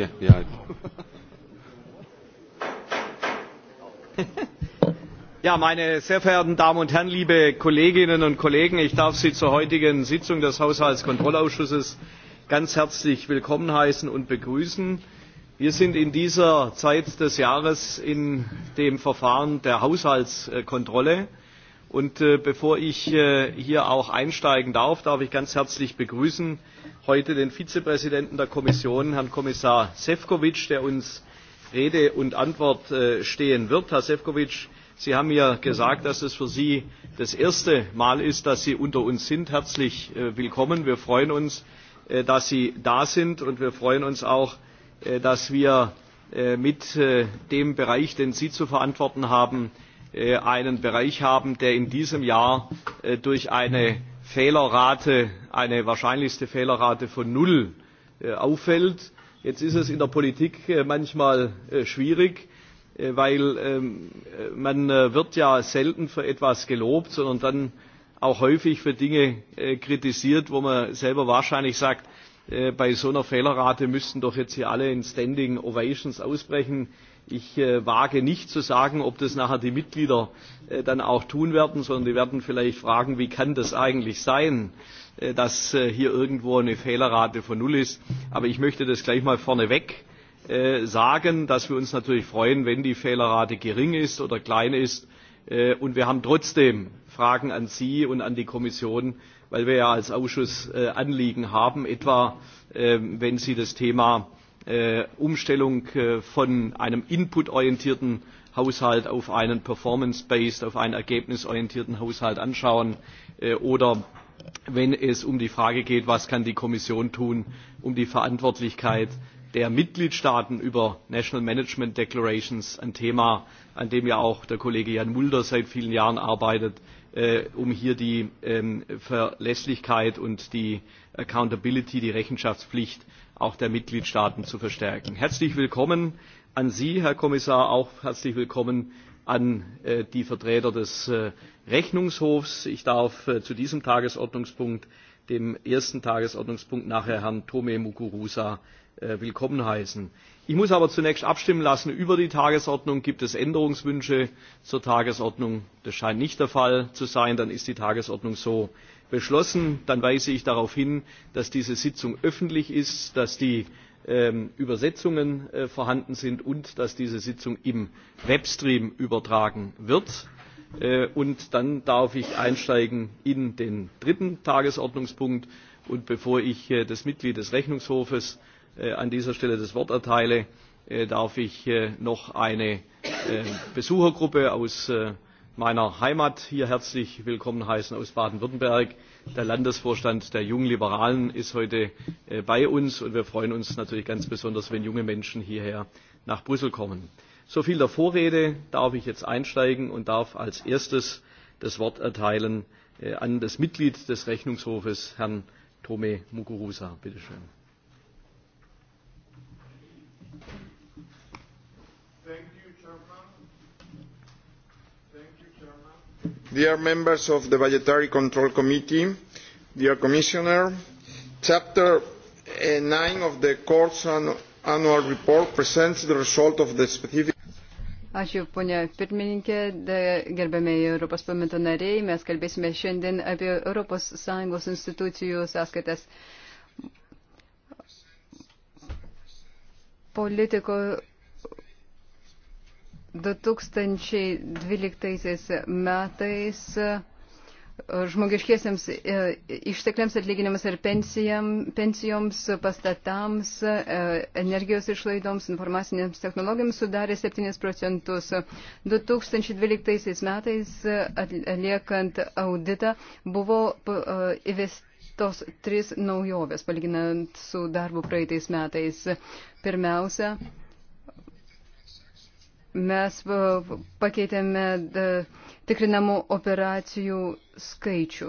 Yeah, yeah. Ja, meine sehr verehrten Damen und Herren, liebe Kolleginnen und Kollegen, ich darf Sie zur heutigen Sitzung des Haushaltskontrollausschusses ganz herzlich willkommen heißen und begrüßen. Wir sind in dieser Zeit des Jahres in dem Verfahren der Haushaltskontrolle Und äh, bevor ich äh, hier auch einsteigen darf, darf ich ganz herzlich begrüßen heute den Vizepräsidenten der Kommission, Herrn Kommissar Sefcovic, der uns Rede und Antwort äh, stehen wird. Herr Sefcovic, Sie haben mir gesagt, dass es für Sie das erste Mal ist, dass Sie unter uns sind. Herzlich äh, willkommen. Wir freuen uns, äh, dass Sie da sind und wir freuen uns auch, äh, dass wir äh, mit äh, dem Bereich, den Sie zu verantworten haben, äh, Äh, einen Bereich haben, der in diesem Jahr äh, durch eine Fehlerrate, eine wahrscheinlichste Fehlerrate von null äh, auffällt. Jetzt ist es in der Politik manchmal schwierig, weil ähm, man wird ja selten für etwas gelobt, sondern dann auch häufig für Dinge kritisiert, wo man selber wahrscheinlich sagt, bei so einer Fehlerrate müssten doch jetzt hier alle in Standing Ovations ausbrechen. Ich äh, wage nicht zu sagen, ob das nachher die Mitglieder äh, dann auch tun werden, sondern die werden vielleicht fragen, wie kann das eigentlich sein, äh, dass äh, hier irgendwo eine Fehlerrate von Null ist. Aber ich möchte das gleich mal vorneweg äh, sagen, dass wir uns natürlich freuen, wenn die Fehlerrate gering ist oder klein ist. Äh, und wir haben trotzdem Fragen an Sie und an die Kommission, weil wir ja als Ausschuss äh, Anliegen haben, etwa äh, wenn Sie das Thema äh, Umstellung äh, von einem inputorientierten Haushalt auf einen performance-based, auf einen ergebnisorientierten Haushalt anschauen äh, oder wenn es um die Frage geht, was kann die Kommission tun, um die Verantwortlichkeit der Mitgliedstaaten über National Management Declarations, ein Thema, an dem ja auch der Kollege Jan Mulder seit vielen Jahren arbeitet, äh, um hier die ähm, Verlässlichkeit und die Accountability, die Rechenschaftspflicht auch der Mitgliedstaaten zu verstärken. Herzlich willkommen an Sie, Herr Kommissar, auch herzlich willkommen an äh, die Vertreter des äh, Rechnungshofs. Ich darf äh, zu diesem Tagesordnungspunkt, dem ersten Tagesordnungspunkt nachher Herrn Tome Mukurusa äh, willkommen heißen. Ich muss aber zunächst abstimmen lassen über die Tagesordnung. Gibt es Änderungswünsche zur Tagesordnung? Das scheint nicht der Fall zu sein. Dann ist die Tagesordnung so beschlossen. dann weise ich darauf hin dass diese sitzung öffentlich ist dass die ähm, übersetzungen äh, vorhanden sind und dass diese sitzung im webstream übertragen wird. Äh, und dann darf ich einsteigen in den dritten tagesordnungspunkt. und bevor ich äh, das mitglied des rechnungshofes äh, an dieser stelle das wort erteile äh, darf ich äh, noch eine besuchergruppe aus meiner Heimat hier herzlich willkommen heißen aus Baden-Württemberg. Der Landesvorstand der jungen Liberalen ist heute äh, bei uns und wir freuen uns natürlich ganz besonders, wenn junge Menschen hierher nach Brüssel kommen. So viel der Vorrede darf ich jetzt einsteigen und darf als erstes das Wort erteilen äh, an das Mitglied des Rechnungshofes, Herrn Tome Muguruza. Bitte schön. dear members of the budgetary control committee dear commissioner chapter eh, nine of the court's annual report presents the result of the specific Ačiū, ponia pirmininkė, gerbėmiai Europos parlamento nariai, mes kalbėsime šiandien apie ES institucijų sąskaitas. Politiko, 2012 metais e, žmogiškiesiams e, ištekliams atlyginimams ir pensijom, pensijoms, pastatams, e, energijos išlaidoms, informacinėms technologijoms sudarė 7 procentus. 2012 metais atliekant auditą buvo įvestos tris naujovės, palyginant su darbu praeitais metais. Pirmiausia, mes e, pakeitėme e, tikrinamų operacijų skaičių.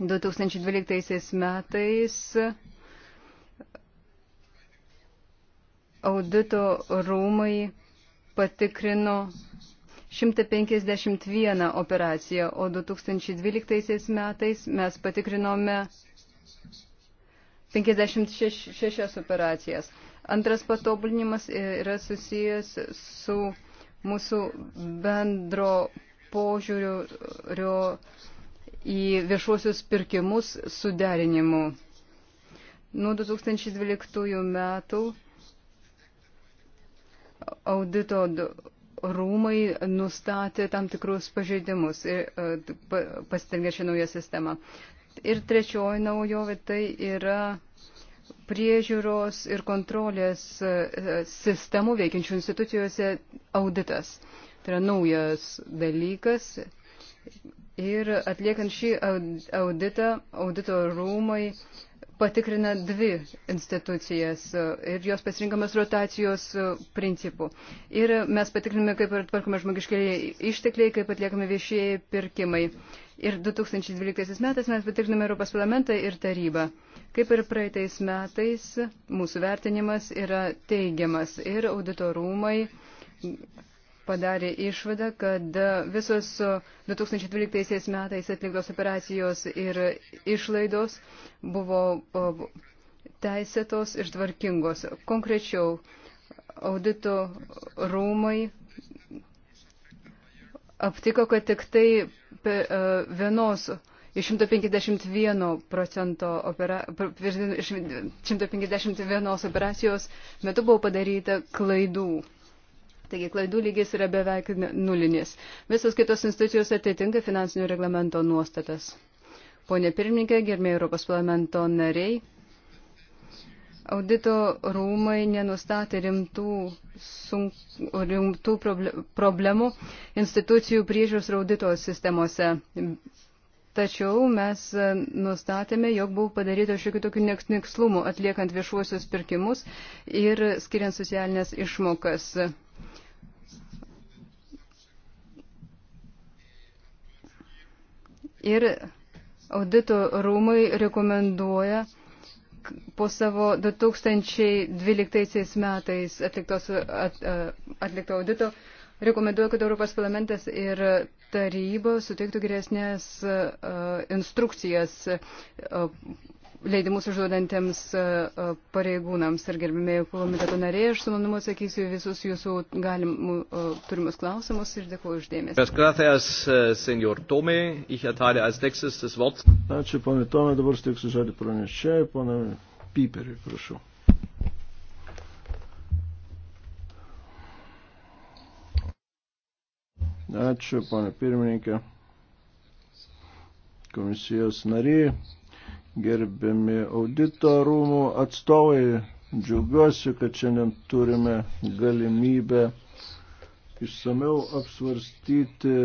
2012 metais audito rūmai patikrino 151 operaciją, o 2012 metais mes patikrinome 56 operacijas. Antras patobulinimas e, yra susijęs su mūsų bendro požiūrio į viešuosius pirkimus suderinimu. Nuo 2012 metų audito rūmai nustatė tam tikrus pažeidimus ir e, pasitelkė šią naują sistemą. Ir trečioji naujovė tai yra priežiūros ir kontrolės e, e, sistemų veikiančių institucijose auditas. Tai yra naujas dalykas. Ir atliekant šį auditą, audito rūmai patikrina dvi institucijas e, ir jos pasirinkamas rotacijos principų. Ir mes patikriname, kaip tvarkome žmogiškieji ištekliai, kaip atliekame viešieji pirkimai. Ir 2012 metais mes patikriname Europos parlamentą ir tarybą. Kaip ir praeitais metais, mūsų vertinimas yra teigiamas ir auditorumai padarė išvadą, kad visos 2012 metais atliktos operacijos ir išlaidos buvo teisėtos ir tvarkingos. Konkrečiau, audito rūmai aptiko, kad tik tai e, vienos iš 151 procento opera, 151 operacijos metu buvo padaryta klaidų. Taigi klaidų lygis yra beveik nulinis. Visos kitos institucijos atitinka finansinio reglamento nuostatas. Pone pirmininkė, gerbėjai Europos parlamento nariai, audito rūmai nenustatė rimtų, sunk, rimtų problemų institucijų priežiūros audito sistemose Tačiau mes e, nustatėme, jog buvo padaryta šiokių tokių neksnikslumų atliekant viešuosius pirkimus ir skiriant socialinės išmokas. Ir audito rūmai rekomenduoja po savo 2012 metais atliktos, at, e, atlikto audito rekomenduoju, kad Europos parlamentas ir taryba suteiktų geresnės e, instrukcijas e, leidimus užduodantiems e, pareigūnams ir gerbimieji komiteto nariai. Aš su manimu atsakysiu visus jūsų galimų turimus klausimus ir dėkuoju uždėmesį. Ačiū, ponė Tomė, dabar steiksiu žodį pranešėjai, ponė Piperiui, prašau. Ačiū, ponė pirmininkė. Komisijos nariai, gerbiami auditorumų atstovai, džiaugiuosi, kad šiandien turime galimybę išsameu apsvarstyti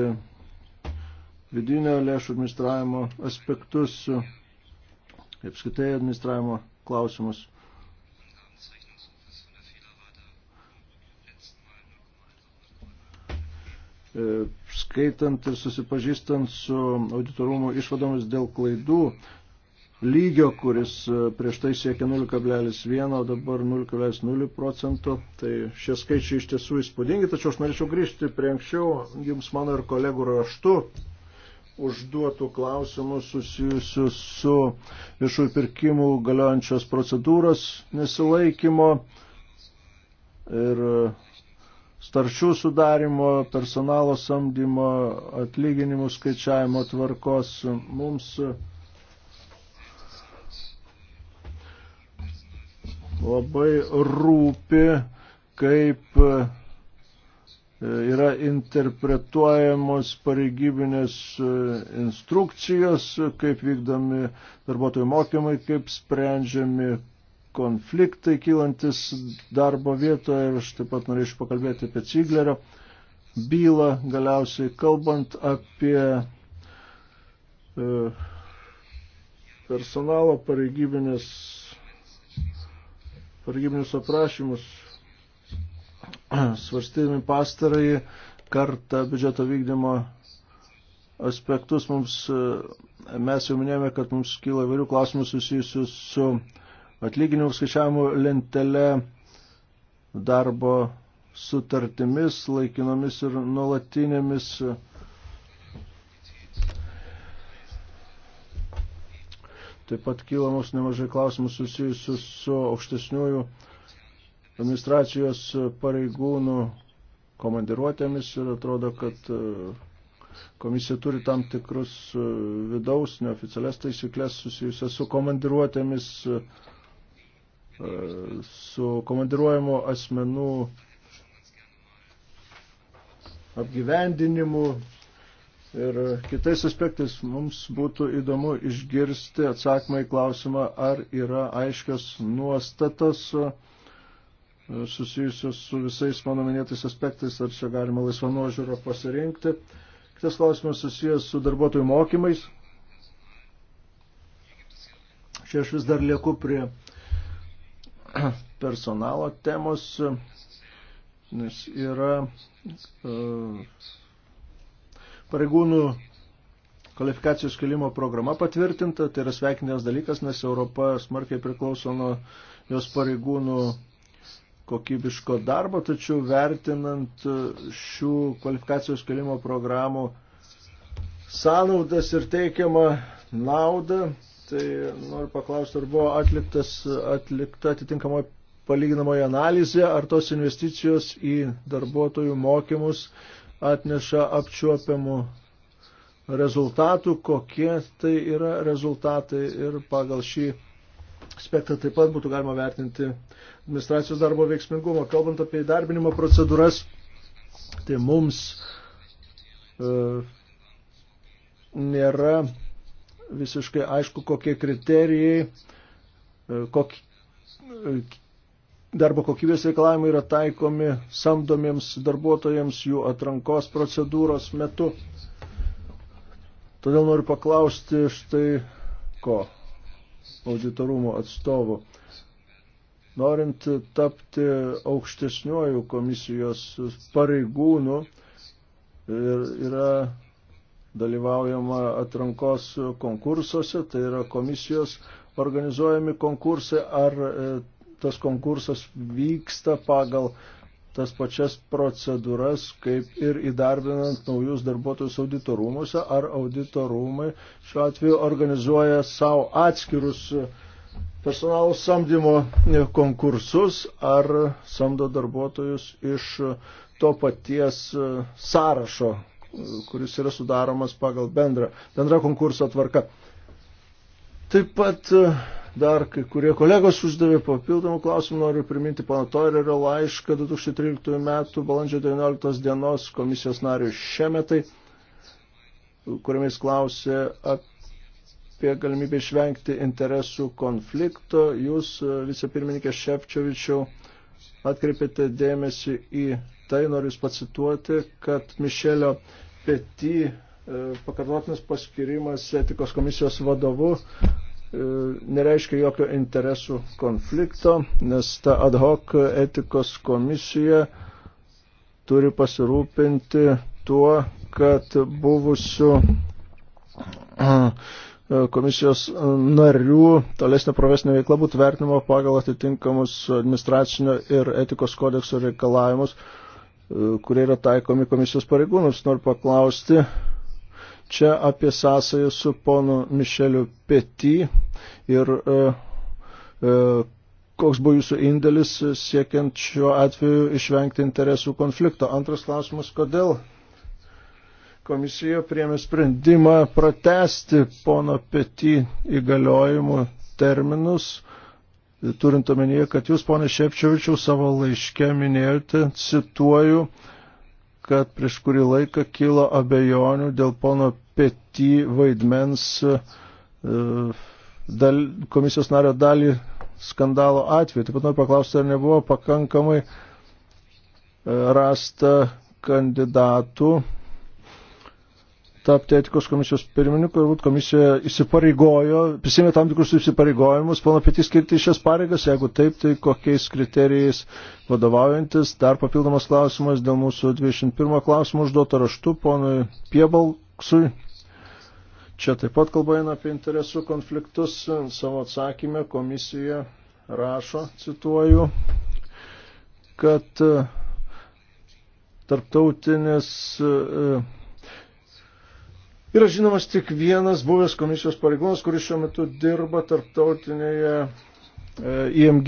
vidinio lėšų administravimo aspektus, apskaitai administravimo klausimus. E, skaitant ir susipažįstant su auditorumų išvadomis dėl klaidų lygio, kuris e, prieš tai siekia 0,1, o dabar 0,0 procentų, tai šie skaičiai iš tiesų įspūdingi, tačiau aš norėčiau grįžti prie anksčiau jums mano ir kolegų raštu užduotų klausimų susijusių su viešųjų pirkimų galiojančios procedūros nesilaikymo ir starčių sudarimo, personalo samdymo, atlyginimų skaičiavimo tvarkos. Mums labai rūpi, kaip e, yra interpretuojamos pareigybinės e, instrukcijos, kaip vykdomi darbuotojų mokymai, kaip sprendžiami konfliktai kylantis darbo vietoje ir aš taip pat norėčiau pakalbėti apie Ciglerio bylą, galiausiai kalbant apie e, personalo pareigybinės pareigybinius aprašymus svarstydami pastarąjį kartą biudžeto vykdymo aspektus mums, e, mes jau minėjome, kad mums kyla įvairių klausimų susijusių su atlyginimų skaičiavimo lentelę darbo sutartimis, laikinomis ir nuolatinėmis. Taip pat kyla mums nemažai klausimų susijusių su aukštesniųjų administracijos pareigūnų komandiruotėmis ir atrodo, kad uh, komisija turi tam tikrus uh, vidaus neoficialias taisyklės susijusias su komandiruotėmis uh, su komandiruojamo asmenų apgyvendinimu ir kitais aspektais mums būtų įdomu išgirsti atsakymą į klausimą, ar yra aiškios nuostatos e, susijusios su visais mano minėtais aspektais, ar čia galima laisvą nuožiūrą pasirinkti. Kitas klausimas susijęs su darbuotojų mokymais. Čia aš vis dar lieku prie personalo temos, nes yra e, pareigūnų kvalifikacijos kelimo programa patvirtinta, tai yra sveikinęs dalykas, nes Europa smarkiai priklauso nuo jos pareigūnų kokybiško darbo, tačiau vertinant šių kvalifikacijos kelimo programų sąnaudas ir teikiamą naudą, tai noriu paklausti, ar buvo atliktas, atlikta atitinkamoji palyginamoji analizė, ar tos investicijos į darbuotojų mokymus atneša apčiuopiamų rezultatų, kokie tai yra rezultatai ir pagal šį aspektą taip pat būtų galima vertinti administracijos darbo veiksmingumą. Kalbant apie įdarbinimo procedūras, tai mums e, nėra visiškai aišku, kokie kriterijai, e, kokie darbo kokybės reikalavimai yra taikomi samdomiems darbuotojams jų atrankos procedūros metu. Todėl noriu paklausti štai ko auditorumo atstovo. Norint tapti aukštesniuoju komisijos pareigūnu, yra dalyvaujama atrankos konkursuose, tai yra komisijos organizuojami konkursai, ar e, tas konkursas vyksta pagal tas pačias procedūras, kaip ir įdarbinant naujus darbuotojus auditorumuose, ar auditorumai šiuo atveju organizuoja savo atskirus e, personalų samdymo e, konkursus, ar samdo darbuotojus iš to paties sąrašo, kuris yra sudaromas pagal bendrą, bendrą konkurso tvarką. Taip pat e, dar kai kurie kolegos uždavė papildomų klausimų, noriu priminti pana Toirerio laišką 2013 metų balandžio 19 dienos komisijos nariui šiemetai, kuriamis klausė apie galimybę išvengti interesų konflikto. Jūs, e, vicepirmininkė Šepčiovičiau, atkreipėte dėmesį į tai noriu Jūs pacituoti, kad Mišelio Peti e, pakartotinis paskirimas etikos komisijos vadovu e, nereiškia jokio interesų konflikto, nes ta ad hoc etikos komisija turi pasirūpinti tuo, kad buvusių e, komisijos narių tolesnė profesinė veikla būtų vertinama pagal atitinkamus administracinio ir etikos kodekso reikalavimus, kurie yra taikomi komisijos pareigūnams. Noriu paklausti čia apie sąsąją su ponu Mišeliu Peti ir e, e, koks buvo jūsų indėlis siekiant šiuo atveju išvengti interesų konflikto. Antras klausimas, kodėl komisija priemė sprendimą pratesti pono Peti įgaliojimų terminus turint omenyje, kad jūs, ponė Šepčiovičiau, savo laiške minėjote, cituoju, kad prieš kurį laiką kilo abejonių dėl pono Peti vaidmens e, dal, komisijos nario dalį skandalo atveju. Taip pat noriu paklausti, ar nebuvo pakankamai e, rasta kandidatų tapti etikos komisijos pirmininku ir būt komisija įsipareigojo, prisimė tam tikrus įsipareigojimus, pono Pėti skirti šias pareigas, jeigu taip, tai kokiais kriterijais vadovaujantis. Dar papildomas klausimas dėl mūsų 21 klausimo užduoto raštu ponui Piebalksui. Čia taip pat kalba eina apie interesų konfliktus. Savo atsakymę komisija rašo, cituoju, kad e, tarptautinės e, Yra žinomas tik vienas buvęs komisijos pareigūnas, kuris šiuo metu dirba tarptautinėje e, IMG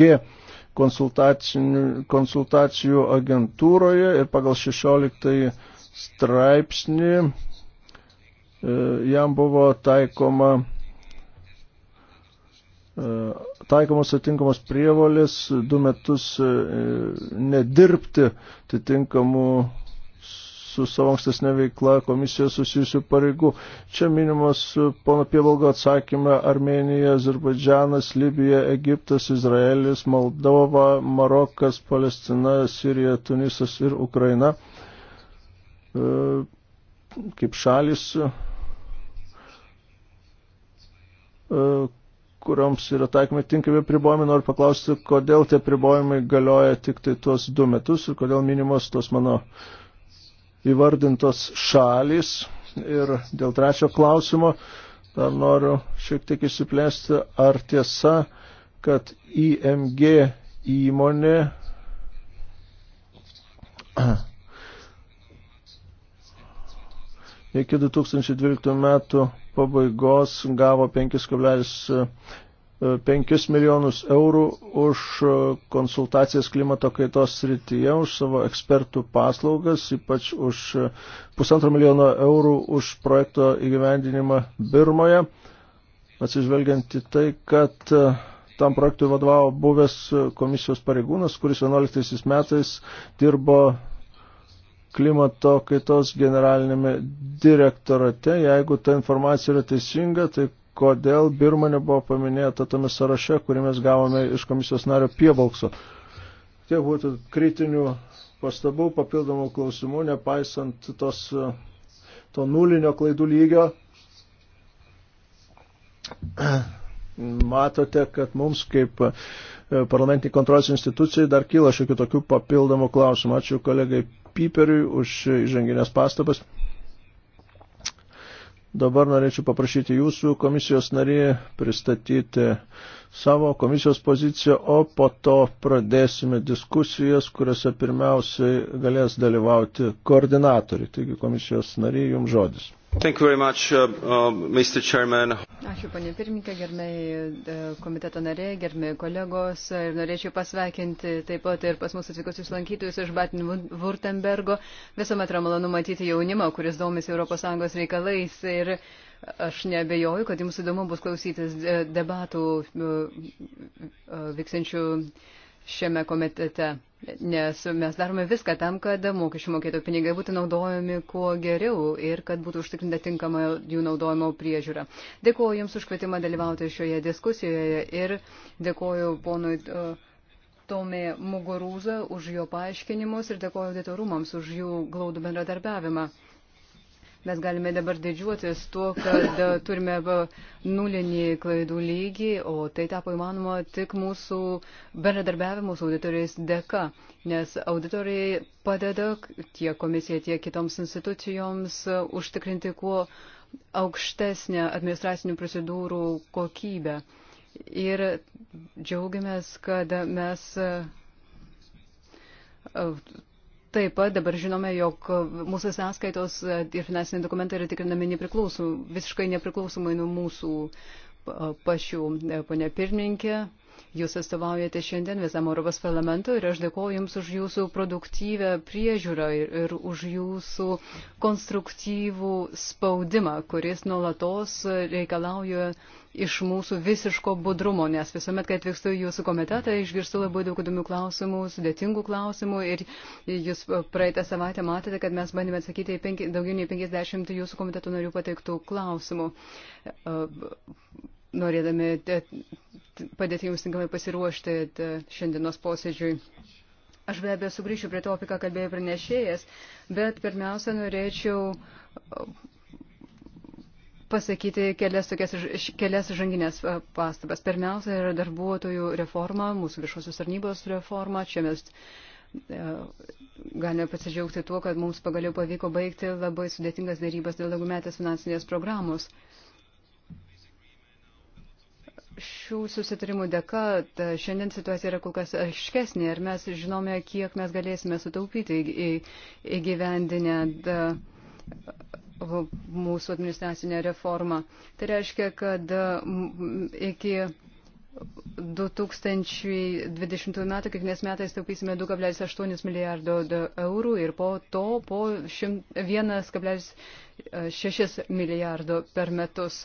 konsultacijų agentūroje ir pagal 16 straipsnį e, jam buvo taikoma e, taikomos atinkamos prievolės du metus nedirbti atitinkamų su savo ankstesnė veikla komisijos susijusių pareigų. Čia minimas e, pono Pievalgo atsakymą Armenija, Azerbaidžianas, Libija, Egiptas, Izraelis, Moldova, Marokas, Palestina, Sirija, Tunisas ir Ukraina. E, kaip šalis, e, kurioms yra taikomi tinkami pribojimai, noriu paklausti, kodėl tie pribojimai galioja tik tai tuos du metus ir kodėl minimos tos mano įvardintos šalis. Ir dėl trečio klausimo dar noriu šiek tiek įsiplėsti, ar tiesa, kad IMG įmonė iki 2012 metų pabaigos gavo 5,5 5 milijonus eurų už e, konsultacijas klimato kaitos srityje, už savo ekspertų paslaugas, ypač už e, pusantro milijono eurų už projekto įgyvendinimą Birmoje, atsižvelgiant į tai, kad e, tam projektui vadovavo buvęs komisijos pareigūnas, kuris 11 metais dirbo klimato kaitos generalinėme direktorate. Jeigu ta informacija yra teisinga, tai kodėl Birma nebuvo paminėta tame sąraše, kurį mes gavome iš komisijos nario Piebalkso. Tiek būtų kritinių pastabų, papildomų klausimų, nepaisant tos, to nulinio klaidų lygio. Matote, kad mums kaip e, parlamentiniai kontrolės institucijai dar kyla šiokių tokių papildomų klausimų. Ačiū kolegai Piperiui už įžanginės pastabas. Dabar norėčiau paprašyti jūsų komisijos narį pristatyti savo komisijos poziciją, o po to pradėsime diskusijas, kuriuose pirmiausiai galės dalyvauti koordinatoriai. Taigi komisijos nariai, jums žodis. Much, uh, uh Ačiū, panė pirmininkė, gerbėjai uh, komiteto nariai, gerbėjai kolegos. Ir norėčiau pasveikinti taip pat ir pas mus atvykusius lankytojus iš Batin-Württembergo. Visuomet yra malonu matyti jaunimą, kuris domisi ES reikalais. Ir aš nebejoju, kad jums įdomu bus klausytis uh, debatų vyksančių. Uh, uh, šiame komitete, nes mes darome viską tam, kad mokesčių mokėtojų pinigai būtų naudojami kuo geriau ir kad būtų užtikrinta tinkama jų naudojimo priežiūra. Dėkuoju Jums už kvietimą dalyvauti šioje diskusijoje ir dėkuoju ponui uh, Tomė Mugorūza už jo paaiškinimus ir dėkuoju detorumams už jų glaudų bendradarbiavimą. Mes galime dabar didžiuotis tuo, kad e, turime e, nulinį klaidų lygį, o tai tapo įmanoma tik mūsų bendradarbiavimu su auditoriais dėka, nes auditoriai padeda tiek komisija, tiek kitoms institucijoms e, užtikrinti kuo aukštesnę administracinių procedūrų kokybę. Ir džiaugiamės, kad mes Taip pat dabar žinome, jog mūsų sąskaitos e, ir finansiniai dokumentai yra tikrinami nepriklausomai, visiškai nepriklausomai nuo mūsų e, pačių, e, ponia pirmininkė. Jūs atstovaujate šiandien visam Europos parlamentu ir aš dėkoju Jums už Jūsų produktyvę priežiūrą ir, ir už Jūsų konstruktyvų spaudimą, kuris nuolatos reikalauja iš mūsų visiško budrumo, nes visuomet, kai atvykstu į Jūsų komitetą, išgirstu labai daug įdomių klausimų, sudėtingų klausimų ir Jūs praeitą savaitę matėte, kad mes bandėme atsakyti į penki, daugiau nei 50 Jūsų komiteto narių pateiktų klausimų. Uh, norėdami padėti jums tinkamai pasiruošti šiandienos posėdžiui. Aš be abejo sugrįšiu prie to, apie ką kalbėjo pranešėjas, bet pirmiausia norėčiau uh, pasakyti kelias, tokias, kelias žanginės uh, pastabas. Pirmiausia yra darbuotojų reforma, mūsų viešosios tarnybos reforma. Čia mes uh, galime pasidžiaugti tuo, kad mums pagaliau pavyko baigti labai sudėtingas darybas dėl daugumetės finansinės programos. Uh, šių susitarimų dėka ta, šiandien situacija yra kol kas aiškesnė ir mes žinome, kiek mes galėsime sutaupyti įgyvendinę mūsų administracinę reformą. Tai reiškia, kad iki 2020 metų kiekvienais metais taupysime 2,8 milijardo eurų ir po to po 1,6 milijardo per metus.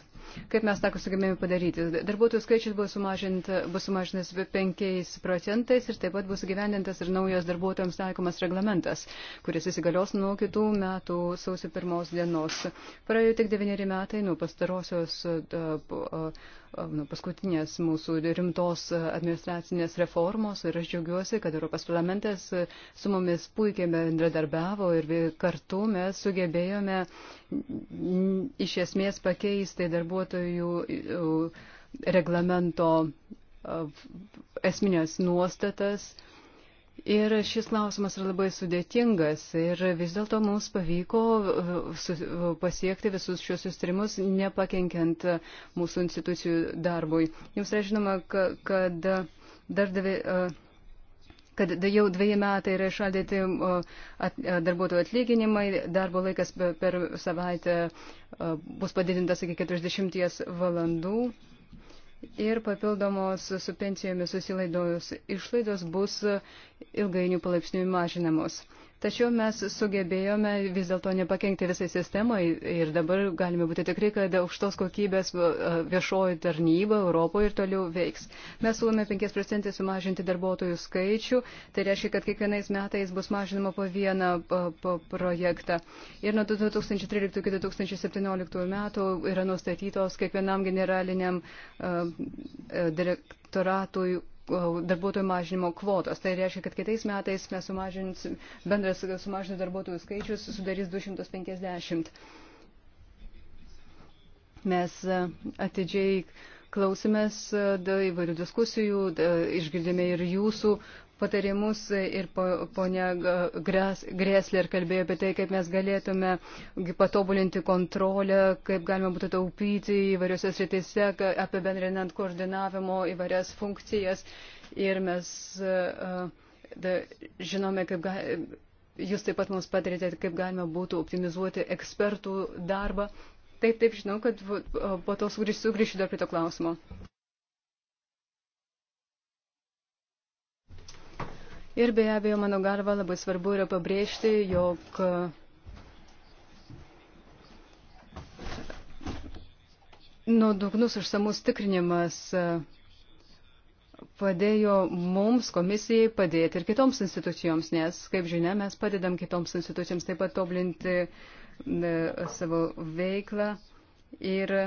Kaip mes tą sugebėjome padaryti? Darbuotojų skaičius bus, bus sumažintas 5 procentais ir taip pat bus gyvendintas ir naujas darbuotojams taikomas reglamentas, kuris įsigalios nuo kitų metų sausio pirmos dienos. Praėjo tik devyneri metai nuo pastarosios. Uh, uh, nu, paskutinės mūsų rimtos administracinės reformos ir aš džiaugiuosi, kad Europos parlamentas su mumis puikiai bendradarbiavo ir kartu mes sugebėjome iš esmės pakeisti darbuotojų e, reglamento e, esminės nuostatas Ir šis klausimas yra labai sudėtingas ir vis dėlto mums pavyko uh, uh, pasiekti visus šios sustarimus, nepakenkiant uh, mūsų institucijų darbui. Jums yra žinoma, kad, darbdavi, kad jau dviejai metai yra išaldyti darbuotojų atlyginimai, darbo laikas per savaitę bus padidintas iki 40 valandų ir papildomos su pensijomis susilaidojus išlaidos bus ilgainių palaipsniui mažinamos. Tačiau mes sugebėjome vis dėlto nepakengti visai sistemai ir dabar galime būti tikri, kad aukštos kokybės e, viešoji tarnyba Europoje ir toliau veiks. Mes siūlome 5 procentai sumažinti darbuotojų skaičių, tai reiškia, kad kiekvienais metais bus mažinama po vieną e, po projektą. Ir nuo 2013 iki 2017 metų yra nustatytos kiekvienam generaliniam e, direktoratui darbuotojų mažinimo kvotos. Tai reiškia, kad kitais metais mes sumažins, bendras sumažintų darbuotojų skaičius sudarys 250. Mes e, atidžiai klausimės e, įvairių diskusijų, išgirdėme ir jūsų patarimus ir ponia Gresler kalbėjo apie tai, kaip mes galėtume patobulinti kontrolę, kaip galima būtų taupyti įvairiose sritise, apibendrinant koordinavimo įvairias funkcijas. Ir mes da, žinome, kaip ga, jūs taip pat mums patarėte, kaip galima būtų optimizuoti ekspertų darbą. Taip, taip, žinau, kad po to sugrįšiu, sugrįšiu dar prie to klausimo. Ir be abejo, mano galva labai svarbu yra pabrėžti, jog e, nuodugnus išsamus tikrinimas e, padėjo mums, komisijai, padėti ir kitoms institucijoms, nes, kaip žinia, mes padedam kitoms institucijoms taip pat toblinti e, savo veiklą ir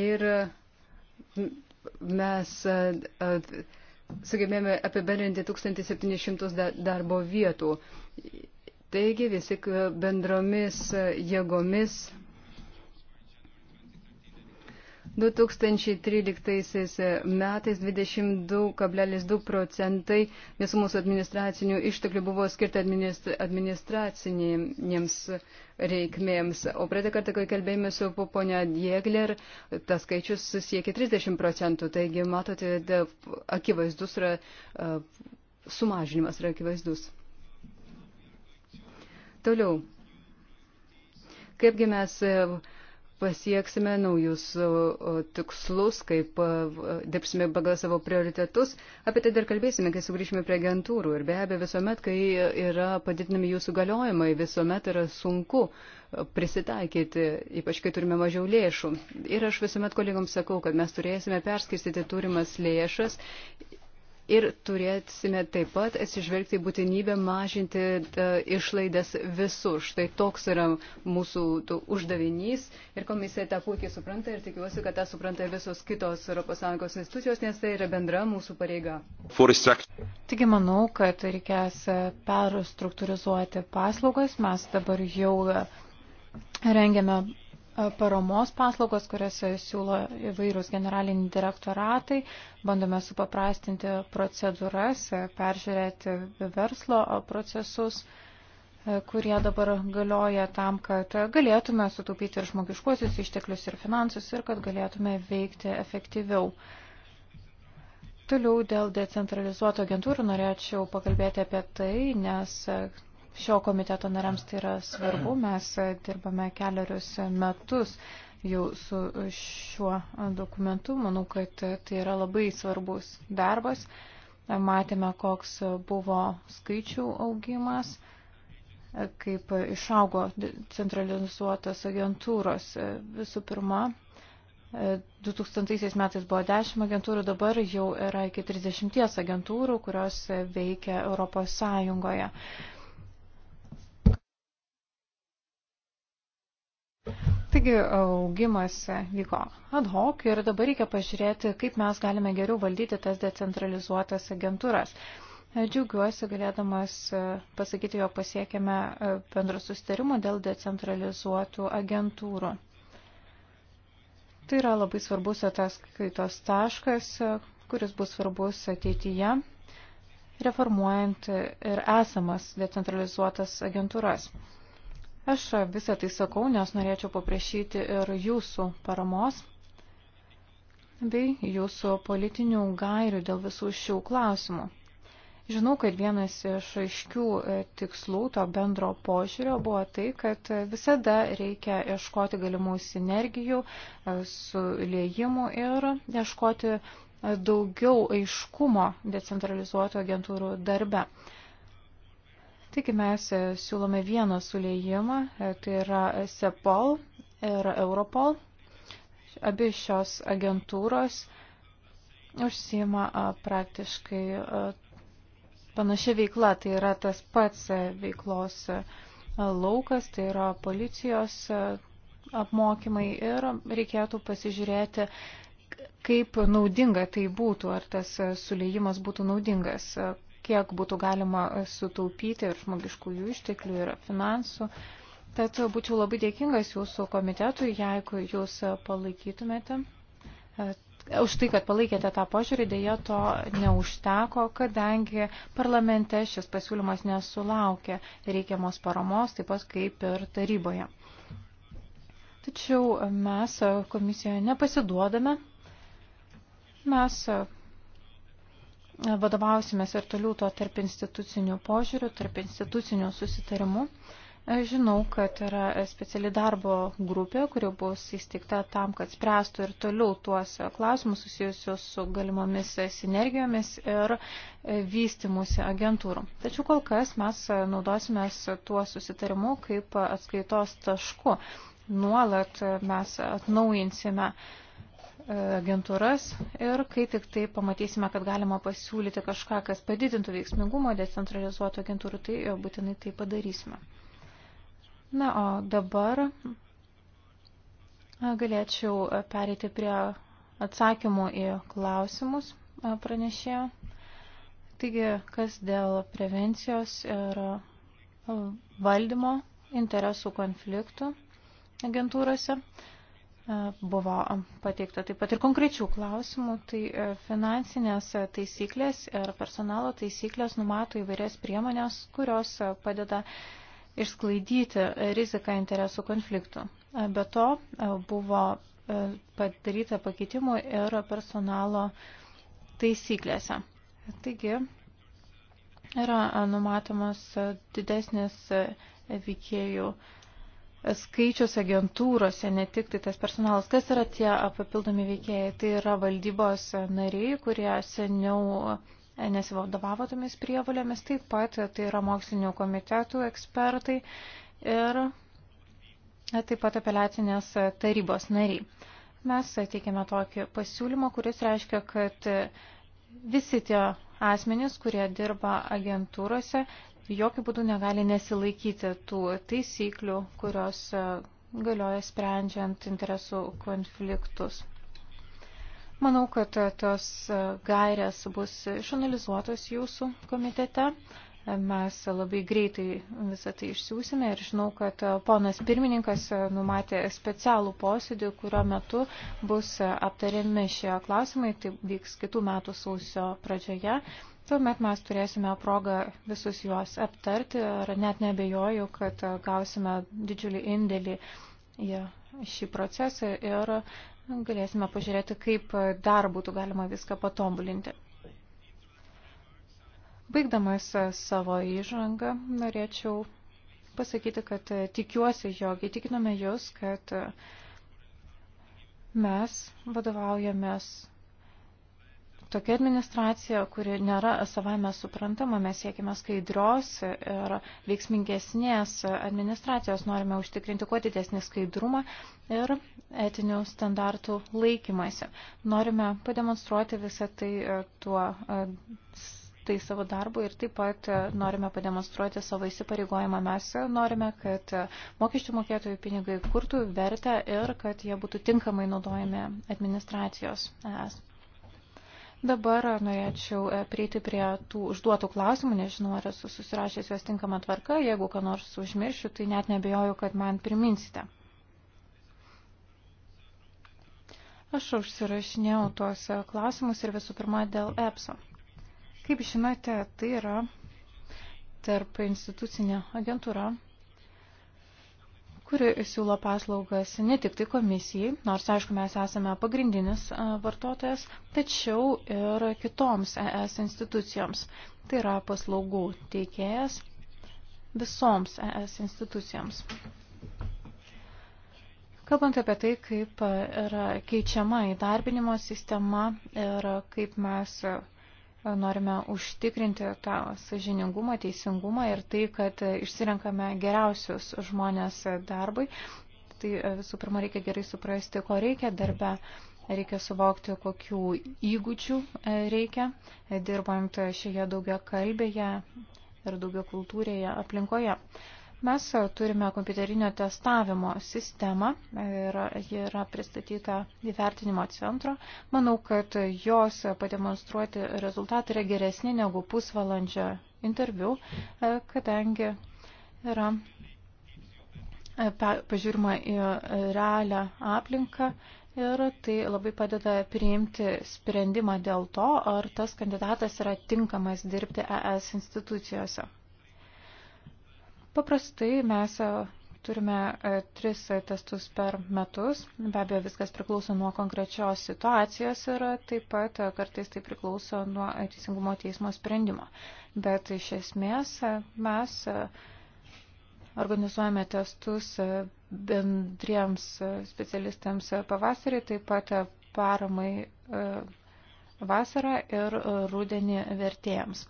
ir mes sugebėjome apibendrinti 1700 darbo vietų. Taigi visi bendromis jėgomis 2013 metais 22,2 procentai visų mūsų administracinių išteklių buvo skirta administracinėms reikmėms. O praeitą kartą, kai kalbėjome su ponia Diegler, tas skaičius siekia 30 procentų. Taigi, matote, da, akivaizdus yra, sumažinimas yra akivaizdus. Toliau. Kaipgi mes pasieksime naujus tikslus, kaip dirbsime pagal savo prioritetus. Apie tai dar kalbėsime, kai sugrįšime prie agentūrų. Ir be abejo, visuomet, kai yra padidinami jūsų galiojimai, visuomet yra sunku prisitaikyti, ypač kai turime mažiau lėšų. Ir aš visuomet kolegoms sakau, kad mes turėsime perskirstyti turimas lėšas Ir turėsime taip pat atsižvelgti būtinybę mažinti e, išlaidas visur. Štai toks yra mūsų uždavinys ir komisija tą puikiai supranta ir tikiuosi, kad tą supranta visos kitos ES institucijos, nes tai yra bendra mūsų pareiga. Taigi manau, kad reikės perstruktūrizuoti paslaugas. Mes dabar jau rengiame paramos paslaugos, kurias siūlo įvairūs generaliniai direktoratai. Bandome supaprastinti procedūras, peržiūrėti verslo procesus, kurie dabar galioja tam, kad galėtume sutaupyti ir žmogiškuosius išteklius ir finansus ir kad galėtume veikti efektyviau. Toliau dėl decentralizuoto agentūrų norėčiau pakalbėti apie tai, nes šio komiteto nariams tai yra svarbu. Mes dirbame keliarius metus jau su šiuo dokumentu. Manau, kad tai yra labai svarbus darbas. Matėme, koks buvo skaičių augimas, kaip išaugo centralizuotas agentūros. Visų pirma, 2000 metais buvo 10 agentūrų, dabar jau yra iki 30 agentūrų, kurios veikia Europos Sąjungoje. Taigi augimas vyko ad hoc ir dabar reikia pažiūrėti, kaip mes galime geriau valdyti tas decentralizuotas agentūras. Džiaugiuosi galėdamas e, pasakyti, jog pasiekėme e, bendro sustarimo dėl decentralizuotų agentūrų. Tai yra labai svarbus ataskaitos taškas, e, kuris bus svarbus ateityje, reformuojant ir esamas decentralizuotas agentūras. Aš visą tai sakau, nes norėčiau paprašyti ir jūsų paramos bei jūsų politinių gairių dėl visų šių klausimų. Žinau, kad vienas iš aiškių tikslų to bendro požiūrio buvo tai, kad visada reikia ieškoti galimų sinergijų, suliejimų ir ieškoti daugiau aiškumo decentralizuoto agentūrų darbe. Taigi mes e, siūlome vieną suleijimą, e, tai yra SEPOL ir Europol. Abi šios agentūros užsima e, praktiškai panašia veikla, tai yra tas pats veiklos laukas, tai yra policijos apmokymai ir reikėtų pasižiūrėti, kaip naudinga tai būtų, ar tas sulėjimas būtų naudingas kiek būtų galima sutaupyti ir žmogiškųjų išteklių, ir finansų. Tad būčiau labai dėkingas jūsų komitetui, jeigu jūs palaikytumėte. E, už tai, kad palaikėte tą požiūrį, dėja to neužteko, kadangi parlamente šis pasiūlymas nesulaukė reikiamos paramos, taip pat kaip ir taryboje. Tačiau mes komisijoje nepasiduodame. Mes vadovausimės ir toliau tuo tarp institucinių požiūrių, tarp institucinių susitarimų. E, žinau, kad yra speciali darbo grupė, kuri bus įsteigta tam, kad spręstų ir toliau tuos klausimus susijusius su galimomis sinergijomis ir e, vystimusi agentūrų. Tačiau kol kas mes naudosime tuo susitarimu kaip atskaitos tašku. Nuolat mes atnaujinsime uh, E, agentūras ir kai tik tai pamatysime, kad galima pasiūlyti kažką, kas padidintų veiksmingumą decentralizuotų agentūrų, tai e, būtinai tai padarysime. Na, o dabar e, galėčiau pereiti prie atsakymų į klausimus pranešėjo. Taigi, kas dėl prevencijos ir valdymo interesų konfliktų agentūrose. E, buvo pateikta taip pat ir konkrečių klausimų. Tai e, finansinės taisyklės ir personalo taisyklės numato įvairias priemonės, kurios e, padeda išsklaidyti riziką interesų konfliktų. Be to buvo padaryta pakeitimų ir personalo taisyklėse. Taigi yra numatomas didesnis veikėjų uh, skaičius agentūrose, ne tik tai tas personalas. Kas yra tie papildomi veikėjai? Tai yra valdybos nariai, kurie seniau nesivadovavo tomis prievalėmis, taip pat tai yra mokslinio komitetų ekspertai ir taip pat apeliacinės tarybos nariai. Mes teikėme tokį pasiūlymą, kuris reiškia, kad visi tie asmenys, kurie dirba agentūrose, jokių būdų negali nesilaikyti tų taisyklių, kurios e, galioja sprendžiant interesų konfliktus. Manau, kad e, tos e, gairės bus išanalizuotos jūsų komitete. Mes labai greitai visą tai išsiųsime ir žinau, kad ponas pirmininkas numatė specialų posėdį, kurio metu bus aptariami šie klausimai. Tai vyks kitų metų sausio pradžioje Tuomet mes turėsime progą visus juos aptarti ir net nebejoju, kad gausime didžiulį indėlį į šį procesą ir galėsime pažiūrėti, kaip dar būtų galima viską patobulinti. Baigdamas savo įžangą, norėčiau pasakyti, kad tikiuosi, jog įtikinome jūs, kad mes vadovaujamės tokia administracija, kuri nėra savame suprantama, mes siekime skaidrios ir veiksmingesnės administracijos, norime užtikrinti kuo didesnį skaidrumą ir etinių standartų laikymasi. Norime pademonstruoti visą tai e, tuo e, tai savo darbu ir taip pat e, norime pademonstruoti savo įsipareigojimą. Mes norime, kad mokesčių mokėtojų pinigai kurtų vertę ir kad jie būtų tinkamai naudojami administracijos. Es. Dabar norėčiau e, prieiti prie tų užduotų klausimų, nežinau, ar esu susirašęs juos tinkamą tvarką, jeigu ką nors užmiršiu, tai net nebejoju, kad man priminsite. Aš užsirašinėjau tuos e, klausimus ir visų pirma dėl EPSO. Kaip žinote, tai yra tarp institucinė agentūra, kuri siūlo paslaugas ne tik tai komisijai, nors aišku mes esame pagrindinis vartotojas, tačiau ir kitoms ES institucijoms. Tai yra paslaugų teikėjas visoms ES institucijoms. Kalbant apie tai, kaip yra keičiama įdarbinimo sistema ir kaip mes norime užtikrinti tą sažiningumą, teisingumą ir tai, kad išsirenkame geriausius žmonės darbui. Tai e, visų pirma, reikia gerai suprasti, ko reikia darbe, reikia suvokti, kokių įgūdžių e, reikia, dirbant šioje daugia kalbėje ir daugia kultūrėje aplinkoje. Mes turime kompiuterinio testavimo sistemą ir ji yra pristatyta įvertinimo centro. Manau, kad jos pademonstruoti rezultatai yra geresni negu pusvalandžio interviu, kadangi yra e, pažiūrima į realią aplinką ir tai labai padeda priimti sprendimą dėl to, ar tas kandidatas yra tinkamas dirbti ES institucijose. Paprastai mes e, turime e, tris e, testus per metus. Be abejo, viskas priklauso nuo konkrečios situacijos ir taip pat kartais tai priklauso nuo teisingumo teismo sprendimo. Bet iš esmės mes organizuojame testus bendriems specialistams pavasarį, taip pat paramai vasarą ir rudenį vertėjams.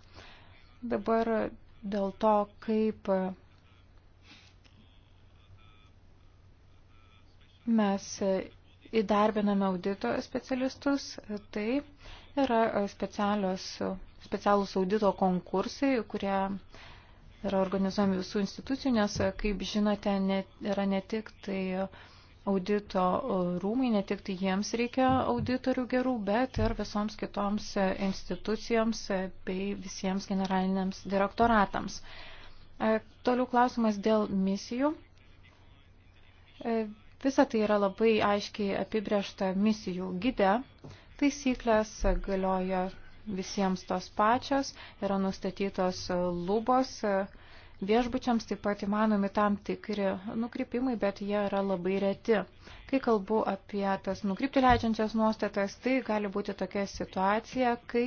Dabar dėl to, kaip Mes įdarbiname audito specialistus, tai yra specialūs audito konkursai, kurie yra organizuojami visų institucijų, nes, kaip žinote, ne, yra ne tik tai audito rūmai, ne tik tai jiems reikia auditorių gerų, bet ir visoms kitoms institucijoms bei visiems generaliniams direktoratams. Toliau klausimas dėl misijų. Visa tai yra labai aiškiai apibriešta misijų gide. Taisyklės galioja visiems tos pačios, yra nustatytos lubos, viešbučiams taip pat įmanomi tam tikri nukrypimai, bet jie yra labai reti. Kai kalbu apie tas nukrypti leidžiančias nuostatas, tai gali būti tokia situacija, kai